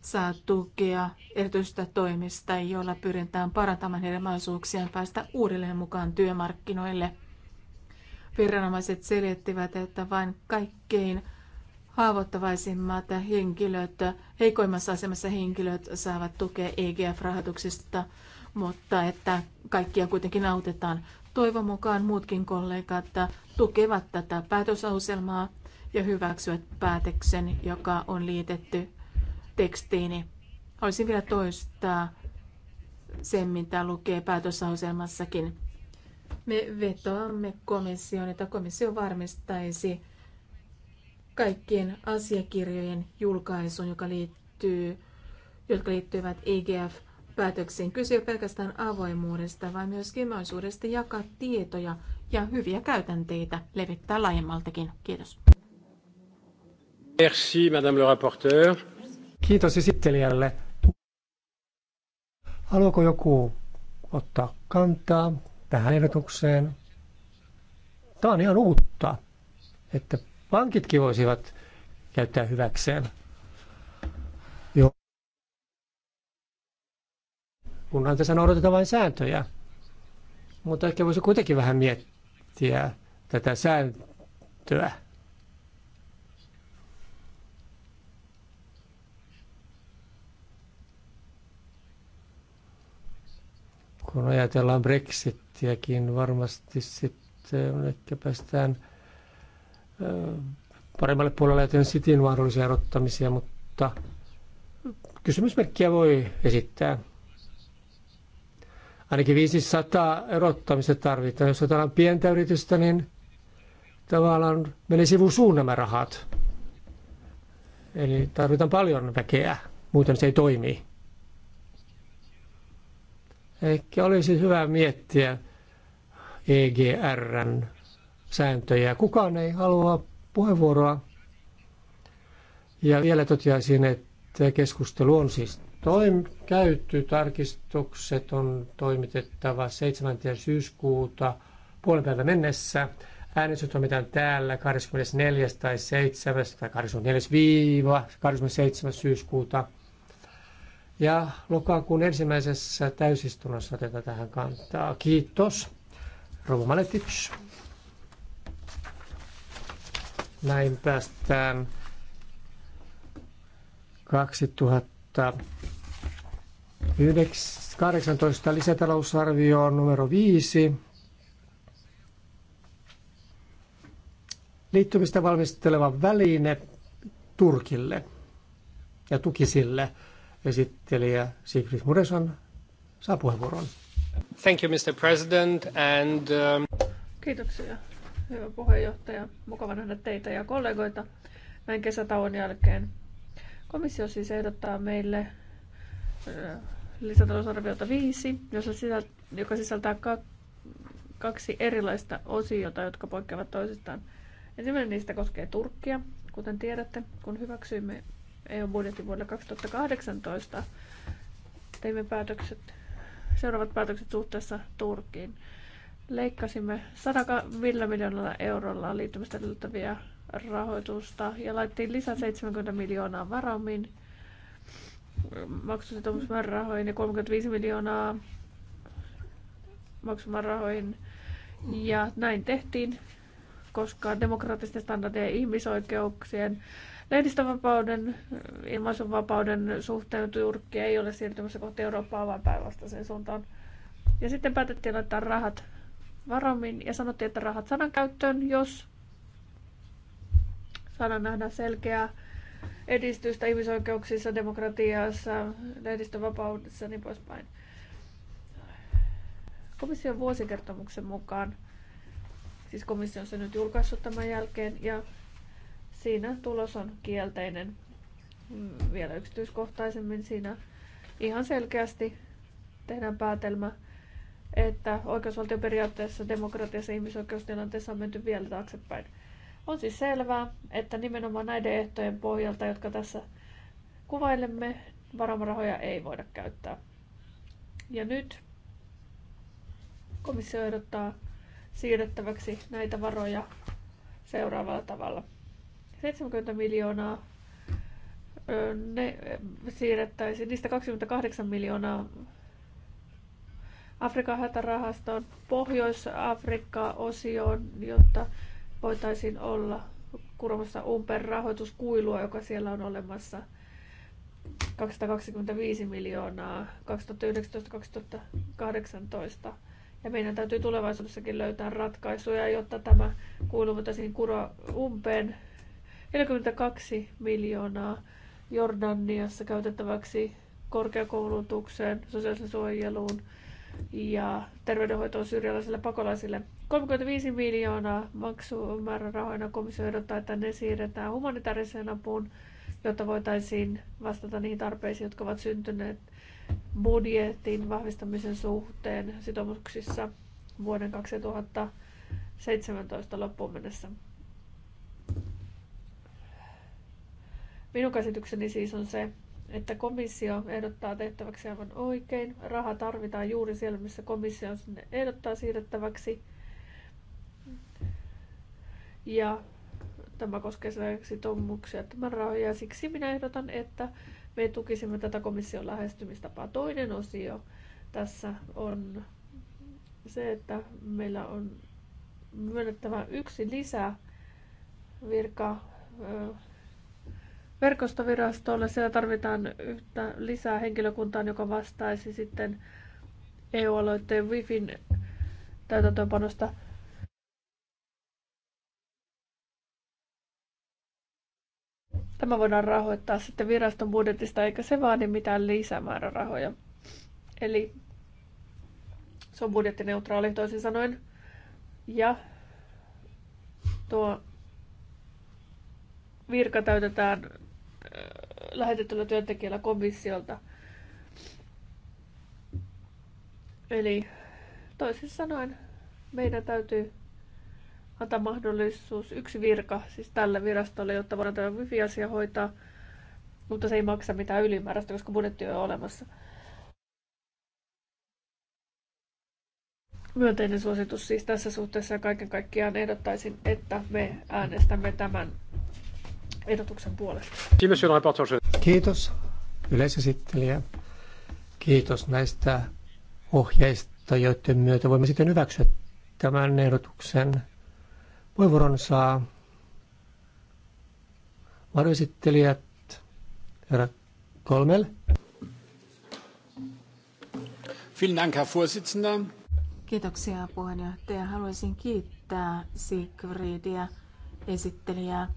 saa tukea erityistä toimista, joilla pyritään parantamaan heidän mahdollisuuksiaan päästä uudelleen mukaan työmarkkinoille. Viranomaiset selittivät, että vain kaikkein haavoittavaisimmat henkilöt, heikoimmassa asemassa henkilöt saavat tukea egf rahoituksista mutta että kaikkia kuitenkin autetaan. Toivon mukaan muutkin kollegat tukevat tätä päätösauselmaa ja hyväksyvät päätöksen, joka on liitetty tekstiini. Haluaisin vielä toistaa sen, mitä lukee päätösauselmassakin. Me vetoamme komissioon, että komissio varmistaisi, kaikkien asiakirjojen julkaisuun, joka liittyy, jotka liittyvät IGF e päätöksiin. Kyse ei pelkästään avoimuudesta, vaan myös mahdollisuudesta jakaa tietoja ja hyviä käytänteitä levittää laajemmaltakin. Kiitos. Merci, madame le rapporteur. Kiitos esittelijälle. Haluaako joku ottaa kantaa tähän ehdotukseen? Tämä on ihan uutta, että pankitkin voisivat käyttää hyväkseen. Joo. Kunhan tässä noudatetaan vain sääntöjä. Mutta ehkä voisi kuitenkin vähän miettiä tätä sääntöä. kun ajatellaan Brexitiäkin varmasti sitten ehkä päästään paremmalle puolelle joten sitin mahdollisia erottamisia, mutta kysymysmerkkiä voi esittää. Ainakin 500 erottamista tarvitaan. Jos otetaan pientä yritystä, niin tavallaan menee sivusuun nämä rahat. Eli tarvitaan paljon väkeä, muuten se ei toimi. Ehkä olisi hyvä miettiä EGRn sääntöjä. Kukaan ei halua puheenvuoroa. Ja vielä toteaisin, että keskustelu on siis toim- käyty. Tarkistukset on toimitettava 7. syyskuuta puolen päivän mennessä. Äänestys mitään täällä 24. tai 7. tai 24-27. syyskuuta. Ja lokakuun ensimmäisessä täysistunnossa otetaan tähän kantaa. Kiitos. Rouva Maletic. Näin päästään 2018 lisätalousarvioon numero 5. Liittymistä valmisteleva väline Turkille ja tukisille Esittelijä Sigrid Muresan saa puheenvuoron. Thank you, Mr. President, and, um... Kiitoksia, Hyvä puheenjohtaja, mukava nähdä teitä ja kollegoita näin kesätauon jälkeen. Komissio siis ehdottaa meille lisätalousarviota 5, jossa sisältää, joka sisältää kaksi erilaista osiota, jotka poikkeavat toisistaan. Ensimmäinen niistä koskee Turkkia. Kuten tiedätte, kun hyväksyimme EU-budjetin vuodelle 2018, teimme päätökset, seuraavat päätökset suhteessa Turkkiin leikkasimme 100 miljoonalla eurolla liittymistä edellyttäviä rahoitusta ja laittiin lisää 70 miljoonaa varaumiin maksusitoumusmäärärahoihin ja 35 miljoonaa maksumäärärahoihin. Ja näin tehtiin, koska demokraattisten standardien ja ihmisoikeuksien lehdistönvapauden, ilmaisunvapauden suhteen Turkki ei ole siirtymässä kohti Eurooppaa, vaan päinvastaiseen suuntaan. Ja sitten päätettiin laittaa rahat varomin ja sanottiin, että rahat sanan käyttöön, jos saadaan nähdä selkeää edistystä ihmisoikeuksissa, demokratiassa, lehdistövapaudessa ja niin poispäin. Komission vuosikertomuksen mukaan, siis komissio on se nyt julkaissut tämän jälkeen, ja siinä tulos on kielteinen mm, vielä yksityiskohtaisemmin. Siinä ihan selkeästi tehdään päätelmä että oikeusvaltioperiaatteessa, demokratiassa ja ihmisoikeustilanteessa on menty vielä taaksepäin. On siis selvää, että nimenomaan näiden ehtojen pohjalta, jotka tässä kuvailemme, varamarahoja ei voida käyttää. Ja nyt komissio ehdottaa siirrettäväksi näitä varoja seuraavalla tavalla. 70 miljoonaa ne siirrettäisiin, niistä 28 miljoonaa Afrikan hätärahaston Pohjois-Afrikka-osioon, jotta voitaisiin olla kuromassa umpeen rahoituskuilua, joka siellä on olemassa 225 miljoonaa 2019-2018. Ja meidän täytyy tulevaisuudessakin löytää ratkaisuja, jotta tämä kuilu voitaisiin kuroa umpeen 42 miljoonaa Jordaniassa käytettäväksi korkeakoulutukseen, sosiaalisen suojeluun, ja terveydenhoitoon syrjäläisille pakolaisille. 35 miljoonaa maksumäärärahoina komissio ehdottaa, että ne siirretään humanitaariseen apuun, jotta voitaisiin vastata niihin tarpeisiin, jotka ovat syntyneet budjetin vahvistamisen suhteen sitoumuksissa vuoden 2017 loppuun mennessä. Minun käsitykseni siis on se, että komissio ehdottaa tehtäväksi aivan oikein. Raha tarvitaan juuri siellä, missä komissio sinne ehdottaa siirrettäväksi. Ja tämä koskee esimerkiksi tommuksia tämän rahoja. Ja siksi minä ehdotan, että me tukisimme tätä komission lähestymistapaa. Toinen osio tässä on se, että meillä on myönnettävä yksi lisää virka verkostovirastolle. Siellä tarvitaan yhtä lisää henkilökuntaa, joka vastaisi sitten EU-aloitteen WIFin täytäntöönpanosta. Tämä voidaan rahoittaa sitten viraston budjetista, eikä se vaadi mitään lisämäärärahoja. Eli se on budjettineutraali toisin sanoen. Ja tuo virka täytetään lähetetyllä työntekijällä komissiolta. Eli toisin sanoen meidän täytyy antaa mahdollisuus yksi virka siis tälle virastolle, jotta voidaan tämä asia hoitaa, mutta se ei maksa mitään ylimääräistä, koska budjetti on olemassa. Myönteinen suositus siis tässä suhteessa ja kaiken kaikkiaan ehdottaisin, että me äänestämme tämän ehdotuksen puolesta. Kiitos yleisesittelijä. Kiitos näistä ohjeista, joiden myötä voimme sitten hyväksyä tämän ehdotuksen. Puheenvuoron saa varoesittelijät herra Kolmel. Vielen Dank, Herr Vorsitzender. Kiitoksia puheenjohtaja. Haluaisin kiittää Sigridia esittelijää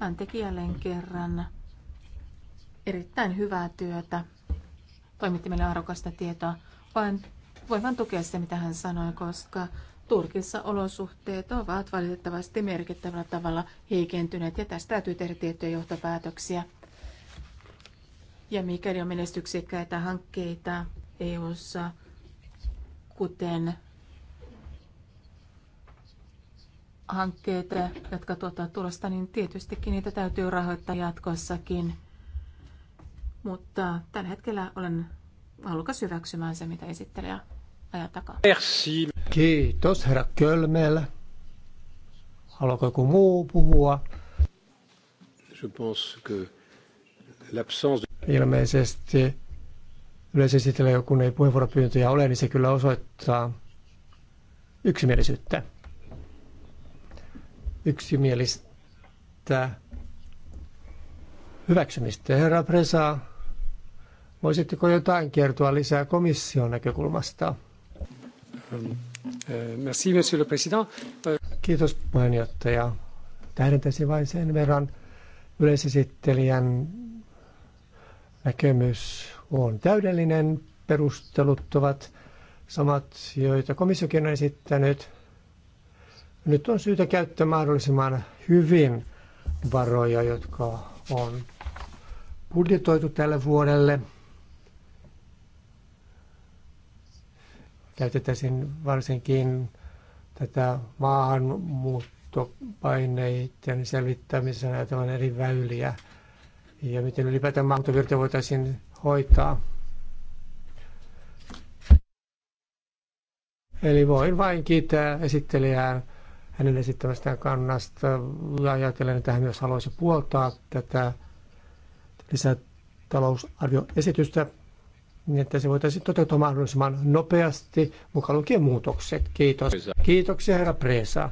hän teki jälleen kerran erittäin hyvää työtä. Toimitti meille arvokasta tietoa. Vain, voin vain tukea se, mitä hän sanoi, koska Turkissa olosuhteet ovat valitettavasti merkittävällä tavalla heikentyneet ja tästä täytyy tehdä tiettyjä johtopäätöksiä. Ja mikäli on menestyksekkäitä hankkeita EU-ssa, kuten hankkeet, jotka tuottavat tulosta, niin tietystikin niitä täytyy rahoittaa jatkossakin. Mutta tällä hetkellä olen halukas hyväksymään se, mitä esittelijä ajaa takaa. Merci. Kiitos, herra Kölmel. Haluatko joku muu puhua? Je pense que l'absence... Ilmeisesti yleisesittelijä, kun ei puheenvuoropyyntöjä ole, niin se kyllä osoittaa yksimielisyyttä yksimielistä hyväksymistä. Herra Presa, voisitteko jotain kertoa lisää komission näkökulmasta? Um, eh, merci, monsieur le président. Euh, Kiitos puheenjohtaja. Tähdentäisin vain sen verran yleisesittelijän näkemys on täydellinen. Perustelut ovat samat, joita komissiokin on esittänyt. Nyt on syytä käyttää mahdollisimman hyvin varoja, jotka on budjetoitu tälle vuodelle. Käytetään varsinkin tätä maahanmuuttopaineiden selvittämisen ajatellaan eri väyliä ja miten ylipäätään maahanmuuttovirta voitaisiin hoitaa. Eli voin vain kiittää esittelijää hänen esittämästään kannasta ja ajatellen, että hän myös haluaisi puoltaa tätä lisätalousarvioesitystä niin että se voitaisiin toteuttaa mahdollisimman nopeasti, mukaan lukien muutokset. Kiitos. Kiitoksia, herra Presa.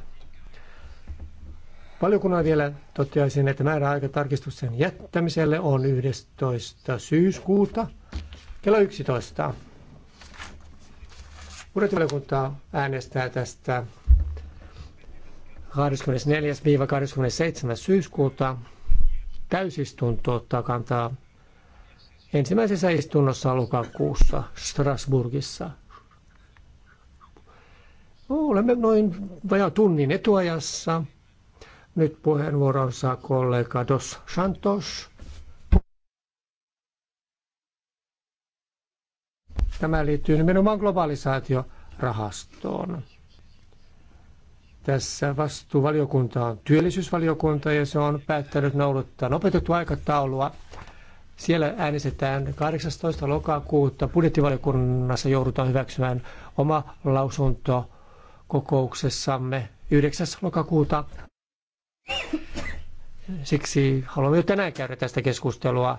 Valiokunnan vielä toteaisin, että määräaika tarkistuksen jättämiselle on 11. syyskuuta kello 11. Budjettivaliokunta äänestää tästä 24-27. syyskuuta täysistunto ottaa kantaa ensimmäisessä istunnossa lokakuussa Strasburgissa. Olemme noin vajaa tunnin etuajassa. Nyt puheenvuoron saa kollega Dos Santos. Tämä liittyy nimenomaan globalisaatiorahastoon. Tässä vastuuvaliokunta on työllisyysvaliokunta ja se on päättänyt noudattaa nopeutettu aikataulua. Siellä äänestetään 18. lokakuuta. Budjettivaliokunnassa joudutaan hyväksymään oma lausunto kokouksessamme 9. lokakuuta. Siksi haluamme jo tänään käydä tästä keskustelua.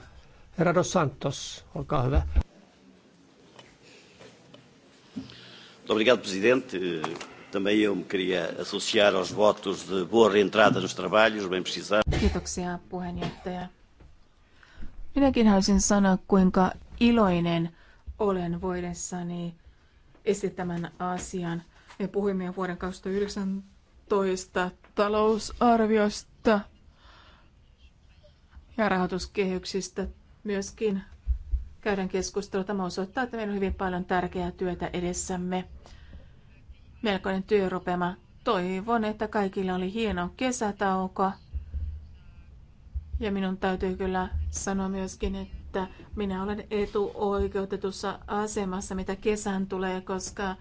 Herra Dos Santos, olkaa hyvä. Obrigado, presidente. Também eu me queria associar aos votos de boa reentrada nos trabalhos, bem precisado. Kiitoksia puheenjohtaja. Minäkin haluaisin sanoa, kuinka iloinen olen voidessani esittämän asian. Me puhuimme vuoden 2019 talousarviosta ja rahoituskehyksistä myöskin käydään keskustelua. Tämä osoittaa, että meillä on hyvin paljon tärkeää työtä edessämme melkoinen työrupema. Toivon, että kaikilla oli hieno kesätauko. Ja minun täytyy kyllä sanoa myöskin, että minä olen etuoikeutetussa asemassa, mitä kesän tulee, koska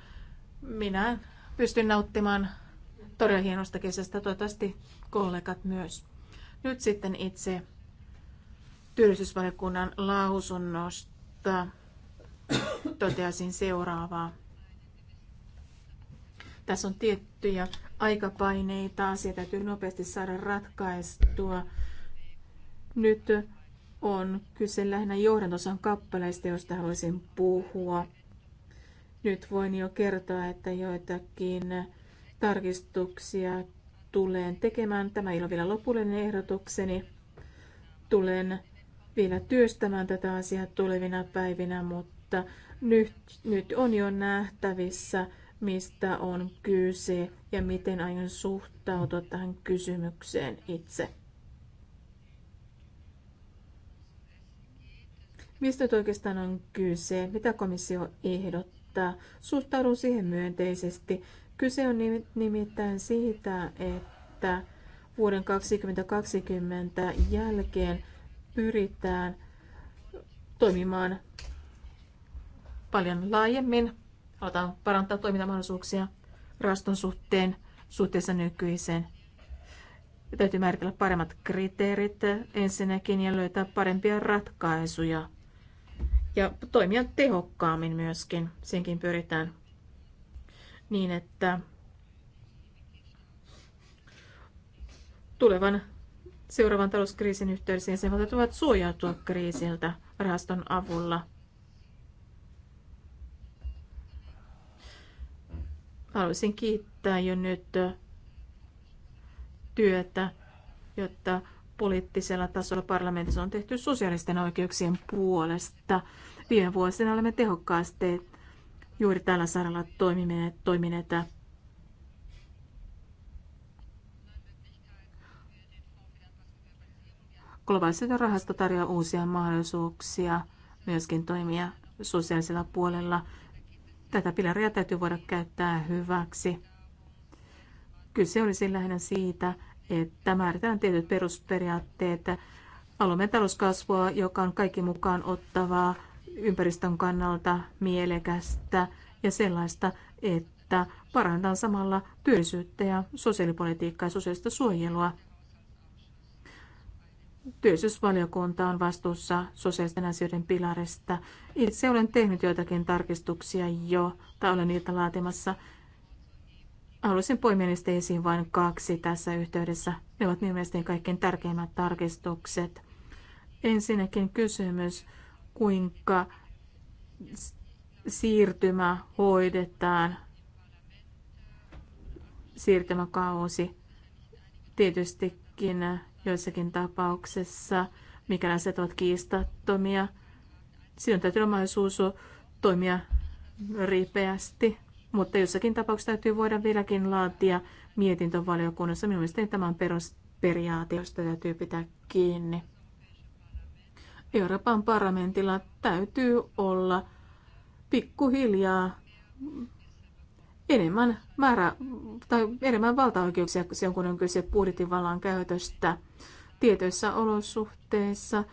minä pystyn nauttimaan todella hienosta kesästä, toivottavasti kollegat myös. Nyt sitten itse työllisyysvaliokunnan lausunnosta toteaisin seuraavaa. Tässä on tiettyjä aikapaineita, asia täytyy nopeasti saada ratkaistua. Nyt on kyse lähinnä johdantosan kappaleista, joista haluaisin puhua. Nyt voin jo kertoa, että joitakin tarkistuksia tulen tekemään. Tämä ei ole vielä lopullinen ehdotukseni. Tulen vielä työstämään tätä asiaa tulevina päivinä, mutta nyt, nyt on jo nähtävissä, mistä on kyse ja miten aion suhtautua tähän kysymykseen itse. Mistä nyt oikeastaan on kyse? Mitä komissio ehdottaa? Suhtaudun siihen myönteisesti. Kyse on nimittäin siitä, että vuoden 2020 jälkeen pyritään toimimaan paljon laajemmin halutaan parantaa toimintamahdollisuuksia raston suhteen suhteessa nykyiseen. Täytyy määritellä paremmat kriteerit ensinnäkin ja löytää parempia ratkaisuja. Ja toimia tehokkaammin myöskin, senkin pyritään niin, että tulevan seuraavan talouskriisin yhteydessä jäsenvaltiot voivat suojautua kriisiltä rahaston avulla – Haluaisin kiittää jo nyt työtä, jotta poliittisella tasolla parlamentissa on tehty sosiaalisten oikeuksien puolesta. Viime vuosina olemme tehokkaasti juuri tällä saralla toimineet. Globaalisen rahasto tarjoaa uusia mahdollisuuksia myöskin toimia sosiaalisella puolella Tätä pilaria täytyy voida käyttää hyväksi. Kyse olisi lähinnä siitä, että määritään tietyt perusperiaatteet, alueen talouskasvua, joka on kaikki mukaan ottavaa, ympäristön kannalta mielekästä ja sellaista, että parantaa samalla työllisyyttä ja sosiaalipolitiikkaa ja sosiaalista suojelua. Työllisyysvaliokunta on vastuussa sosiaalisten asioiden pilarista. Itse olen tehnyt joitakin tarkistuksia jo, tai olen niitä laatimassa. Haluaisin poimia niistä esiin vain kaksi tässä yhteydessä. Ne ovat minun mielestäni kaikkein tärkeimmät tarkistukset. Ensinnäkin kysymys, kuinka siirtymä hoidetaan, siirtymäkausi. Tietystikin joissakin tapauksessa, mikä asiat ovat kiistattomia. Silloin täytyy olla mahdollisuus toimia ripeästi, mutta jossakin tapauksessa täytyy voida vieläkin laatia mietintövaliokunnassa. Minun mielestäni tämä on perusperiaate, josta täytyy pitää kiinni. Euroopan parlamentilla täytyy olla pikkuhiljaa enemmän määrä tai enemmän valtaoikeuksia silloin, kun on kyse vallan käytöstä. Tietyissä olosuhteissa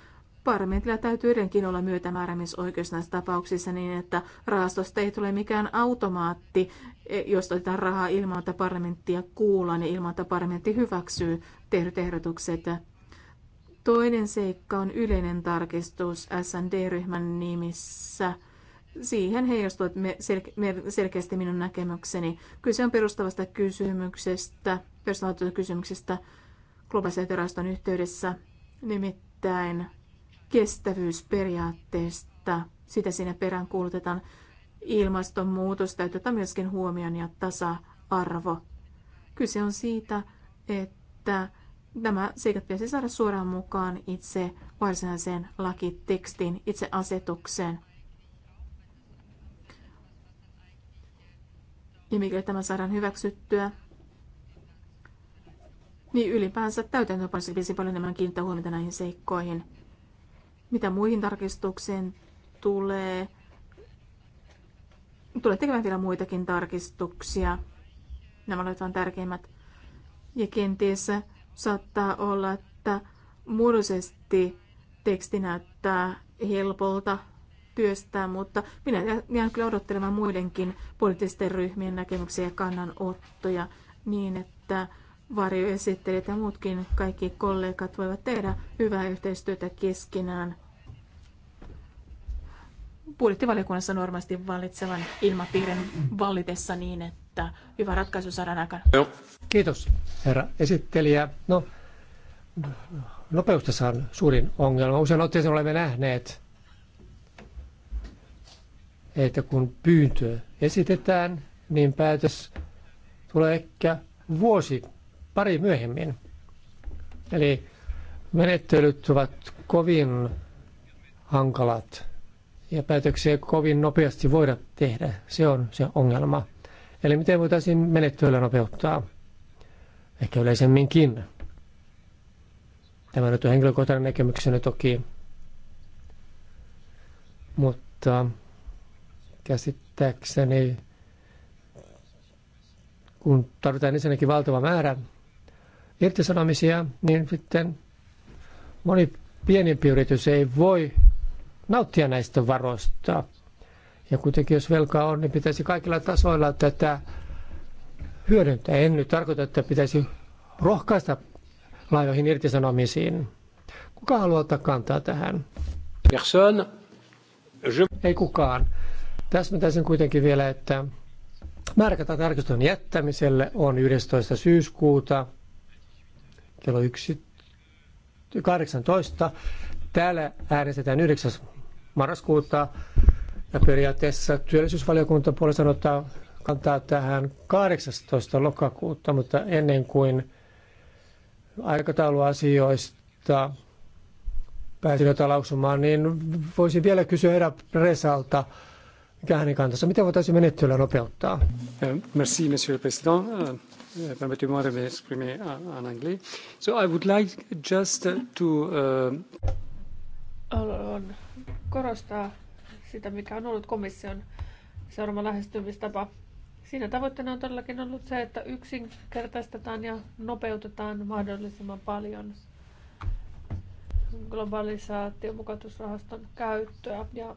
parlamentilla täytyy edenkin olla myötämääräämisoikeus näissä tapauksissa niin, että rahastosta ei tule mikään automaatti, e, josta otetaan rahaa ilman, että parlamenttia kuullaan ja ilman, että parlamentti hyväksyy tehdyt ehdotukset. Toinen seikka on yleinen tarkistus SND-ryhmän nimissä – siihen heijastuu että me sel- selkeästi minun näkemykseni. Kyse on perustavasta kysymyksestä, perustavasta kysymyksestä globaalisen yhteydessä, nimittäin kestävyysperiaatteesta. Sitä siinä perään kuulutetaan ilmastonmuutos, täytetään myöskin huomioon ja tasa-arvo. Kyse on siitä, että nämä seikat pitäisi saada suoraan mukaan itse varsinaiseen lakitekstiin, itse asetukseen – Ja mikäli tämä saadaan hyväksyttyä, niin ylipäänsä täytäntöönpanossa pitäisi paljon enemmän kiinnittää huomiota näihin seikkoihin. Mitä muihin tarkistuksiin tulee, tulee tekemään vielä muitakin tarkistuksia. Nämä olivat vain tärkeimmät. Ja kenties saattaa olla, että muodollisesti teksti näyttää helpolta, työstää, mutta minä jään kyllä odottelemaan muidenkin poliittisten ryhmien näkemyksiä ja kannanottoja niin, että varjoesittelijät ja muutkin kaikki kollegat voivat tehdä hyvää yhteistyötä keskenään budjettivaliokunnassa normaalisti vallitsevan ilmapiirin vallitessa niin, että hyvä ratkaisu saadaan aikaan. Joo. Kiitos, herra esittelijä. No, nopeus tässä on suurin ongelma. Usein otteeseen olemme nähneet, että kun pyyntö esitetään, niin päätös tulee ehkä vuosi, pari myöhemmin. Eli menettelyt ovat kovin hankalat ja päätöksiä kovin nopeasti voida tehdä. Se on se ongelma. Eli miten voitaisiin menettelyä nopeuttaa? Ehkä yleisemminkin. Tämä nyt on henkilökohtainen näkemykseni toki. Mutta Käsittääkseni, kun tarvitaan ensinnäkin valtava määrä irtisanomisia, niin sitten moni pienempi yritys ei voi nauttia näistä varoista. Ja kuitenkin jos velkaa on, niin pitäisi kaikilla tasoilla tätä hyödyntää. En nyt tarkoita, että pitäisi rohkaista laajoihin irtisanomisiin. Kuka haluaa ottaa kantaa tähän? Person. Je... Ei kukaan. Täsmentäisin kuitenkin vielä, että määräkata tarkastuksen jättämiselle on 11. syyskuuta kello 1, 18. Täällä äänestetään 9. marraskuuta ja periaatteessa työllisyysvaliokunta puolestaan ottaa kantaa tähän 18. lokakuuta, mutta ennen kuin aikatauluasioista pääsin jotain lausumaan, niin voisin vielä kysyä herra Presalta, mikä hänen kantansa, miten voitaisiin menettelyä nopeuttaa? Uh, merci, monsieur le président. Uh, uh, permettez-moi de m'exprimer en anglais. So I would like just to... Uh... Haluan korostaa sitä, mikä on ollut komission seuraava lähestymistapa. Siinä tavoitteena on todellakin ollut se, että yksinkertaistetaan ja nopeutetaan mahdollisimman paljon globalisaation mukautusrahaston käyttöä ja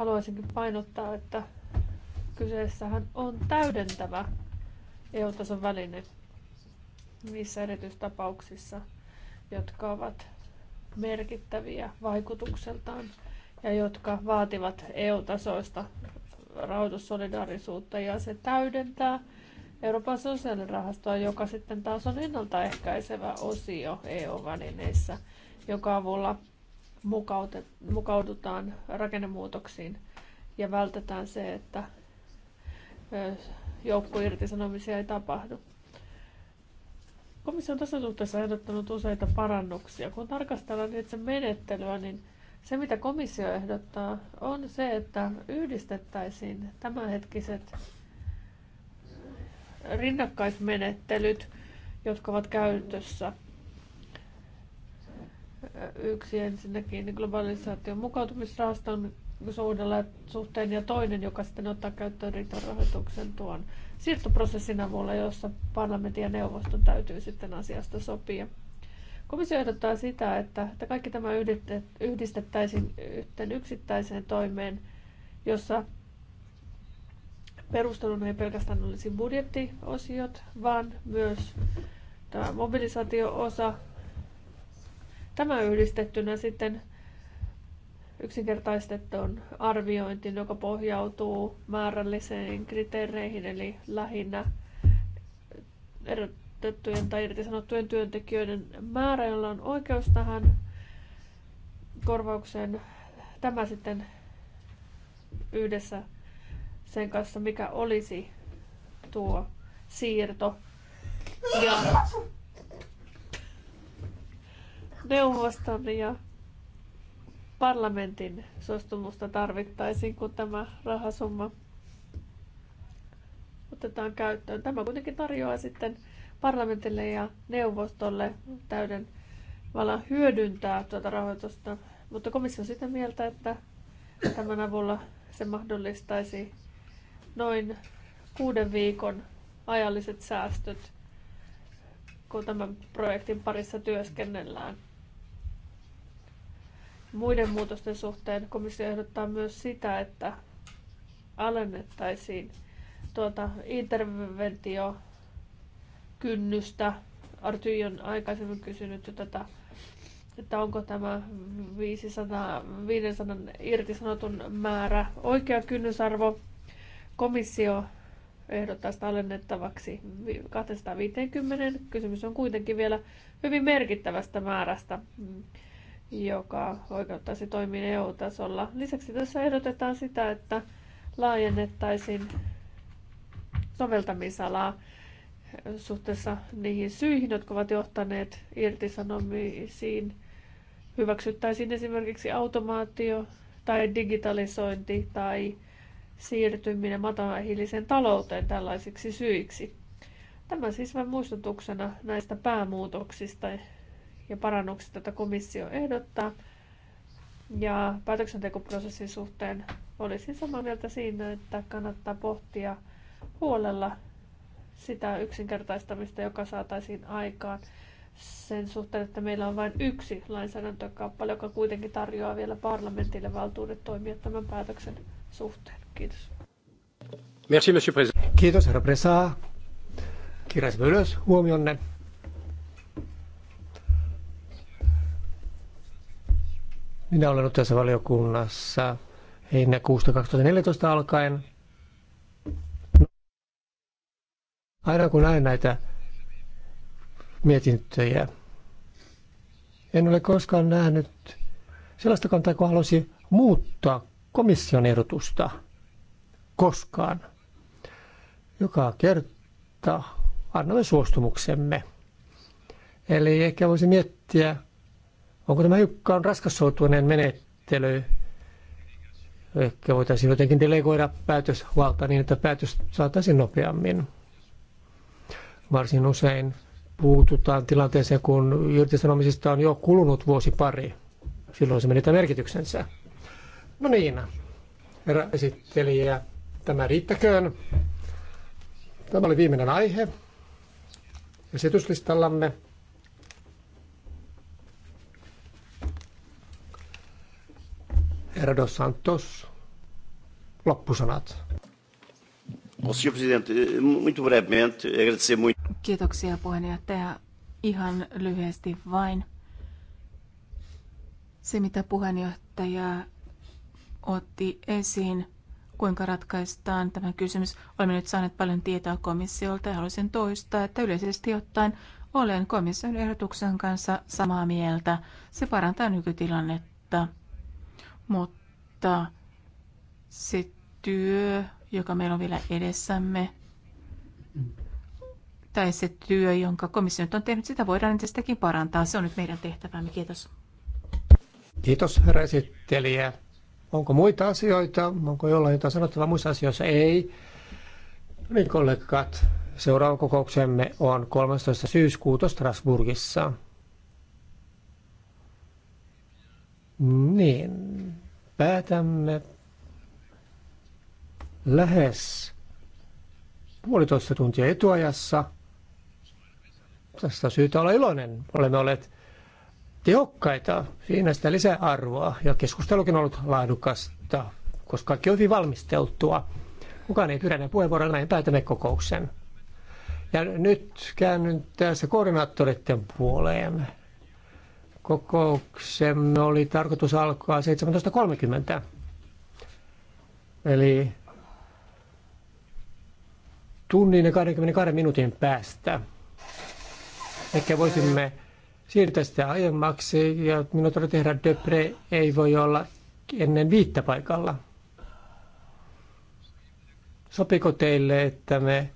Haluaisinkin painottaa, että kyseessähän on täydentävä EU-tason väline niissä erityistapauksissa, jotka ovat merkittäviä vaikutukseltaan ja jotka vaativat EU-tasoista rahoitussolidaarisuutta ja se täydentää Euroopan sosiaalirahastoa, joka sitten taas on ennaltaehkäisevä osio EU-välineissä, joka avulla mukaudutaan rakennemuutoksiin ja vältetään se, että joukkoirtisanomisia ei tapahdu. Komissio on tässä suhteessa ehdottanut useita parannuksia. Kun tarkastellaan itse menettelyä, niin se mitä komissio ehdottaa on se, että yhdistettäisiin tämänhetkiset rinnakkaismenettelyt, jotka ovat käytössä Yksi ensinnäkin globalisaation mukautumisrahaston suhdella suhteen ja toinen, joka sitten ottaa käyttöön riitorahoituksen tuon siirtoprosessin avulla, jossa parlamentin ja neuvoston täytyy sitten asiasta sopia. Komissio ehdottaa sitä, että, että kaikki tämä yhdistettäisiin yhteen yksittäiseen toimeen, jossa perusteluna ei pelkästään olisi budjettiosiot, vaan myös tämä mobilisaatioosa, Tämä yhdistettynä sitten yksinkertaistettuun arviointiin, joka pohjautuu määrälliseen kriteereihin, eli lähinnä erotettujen tai irtisanottujen työntekijöiden määrä, jolla on oikeus tähän korvaukseen. Tämä sitten yhdessä sen kanssa, mikä olisi tuo siirto. Ja neuvoston ja parlamentin suostumusta tarvittaisiin, kun tämä rahasumma otetaan käyttöön. Tämä kuitenkin tarjoaa sitten parlamentille ja neuvostolle täyden vallan hyödyntää tuota rahoitusta, mutta komissio on sitä mieltä, että tämän avulla se mahdollistaisi noin kuuden viikon ajalliset säästöt, kun tämän projektin parissa työskennellään. Muiden muutosten suhteen komissio ehdottaa myös sitä, että alennettaisiin tuota interventiokynnystä. Artyi on aikaisemmin kysynyt jo tätä, että onko tämä 500, 500 irtisanotun määrä oikea kynnysarvo. Komissio ehdottaa sitä alennettavaksi 250. Kysymys on kuitenkin vielä hyvin merkittävästä määrästä joka oikeuttaisi toimiin EU-tasolla. Lisäksi tässä ehdotetaan sitä, että laajennettaisiin soveltamisalaa suhteessa niihin syihin, jotka ovat johtaneet irtisanomisiin. Hyväksyttäisiin esimerkiksi automaatio tai digitalisointi tai siirtyminen matalahiiliseen talouteen tällaisiksi syiksi. Tämä siis vain muistutuksena näistä päämuutoksista, ja parannukset, joita komissio ehdottaa. Ja päätöksentekoprosessin suhteen olisin samaa mieltä siinä, että kannattaa pohtia huolella sitä yksinkertaistamista, joka saataisiin aikaan sen suhteen, että meillä on vain yksi lainsäädäntökappale, joka kuitenkin tarjoaa vielä parlamentille valtuudet toimia tämän päätöksen suhteen. Kiitos. Merci, monsieur Kiitos, herra Presa. Kirjasimme ylös huomionne. Minä olen ollut tässä valiokunnassa heinäkuusta 2014 alkaen. Aina kun näen näitä mietintöjä, en ole koskaan nähnyt sellaista kantaa, kun haluaisi muuttaa komission ehdotusta koskaan. Joka kerta annamme suostumuksemme. Eli ehkä voisi miettiä, Onko tämä hiukan raskassuotuinen menettely? Ehkä voitaisiin jotenkin delegoida päätösvalta niin, että päätös saataisiin nopeammin. Varsin usein puututaan tilanteeseen, kun irtisanomisista on jo kulunut vuosi pari. Silloin se menetään merkityksensä. No niin, herra esittelijä, tämä riittäköön. Tämä oli viimeinen aihe esityslistallamme. dos Santos, loppusanat. muito brevemente, agradecer muito. Kiitoksia puheenjohtaja. Ihan lyhyesti vain. Se, mitä puheenjohtaja otti esiin, kuinka ratkaistaan tämä kysymys. Olemme nyt saaneet paljon tietoa komissiolta ja haluaisin toistaa, että yleisesti ottaen olen komission ehdotuksen kanssa samaa mieltä. Se parantaa nykytilannetta mutta se työ, joka meillä on vielä edessämme, tai se työ, jonka komissio nyt on tehnyt, sitä voidaan entistäkin parantaa. Se on nyt meidän tehtävämme. Kiitos. Kiitos, herra esittelijä. Onko muita asioita? Onko jollain jotain sanottavaa muissa asioissa? Ei. No niin, kollegat. Seuraava kokouksemme on 13. syyskuuta Strasbourgissa. Niin, päätämme lähes puolitoista tuntia etuajassa. Tästä on syytä olla iloinen. Olemme olleet tehokkaita, siinä sitä lisäarvoa ja keskustelukin on ollut laadukasta, koska kaikki on hyvin valmisteltua. Kukaan ei pyydä puheenvuoroa, näin päätämme kokouksen. Ja nyt käännyn tässä koordinaattoreiden puoleen kokouksen oli tarkoitus alkaa 17.30. Eli tunnin ja 22 minuutin päästä. Ehkä voisimme siirtää sitä aiemmaksi ja minun oli tehdä Depre ei voi olla ennen viittä paikalla. Sopiko teille, että me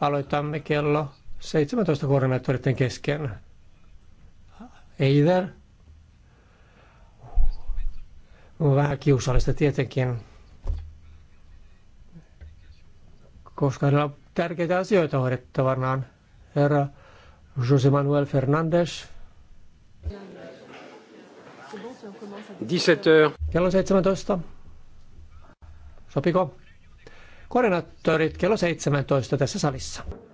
aloitamme kello 17:30 kesken? Eider. On vähän kiusallista tietenkin, koska heillä on tärkeitä asioita hoidettavanaan. Herra José Manuel Fernández. 17 Kello 17. Sopiko? Koordinaattorit kello 17 tässä salissa.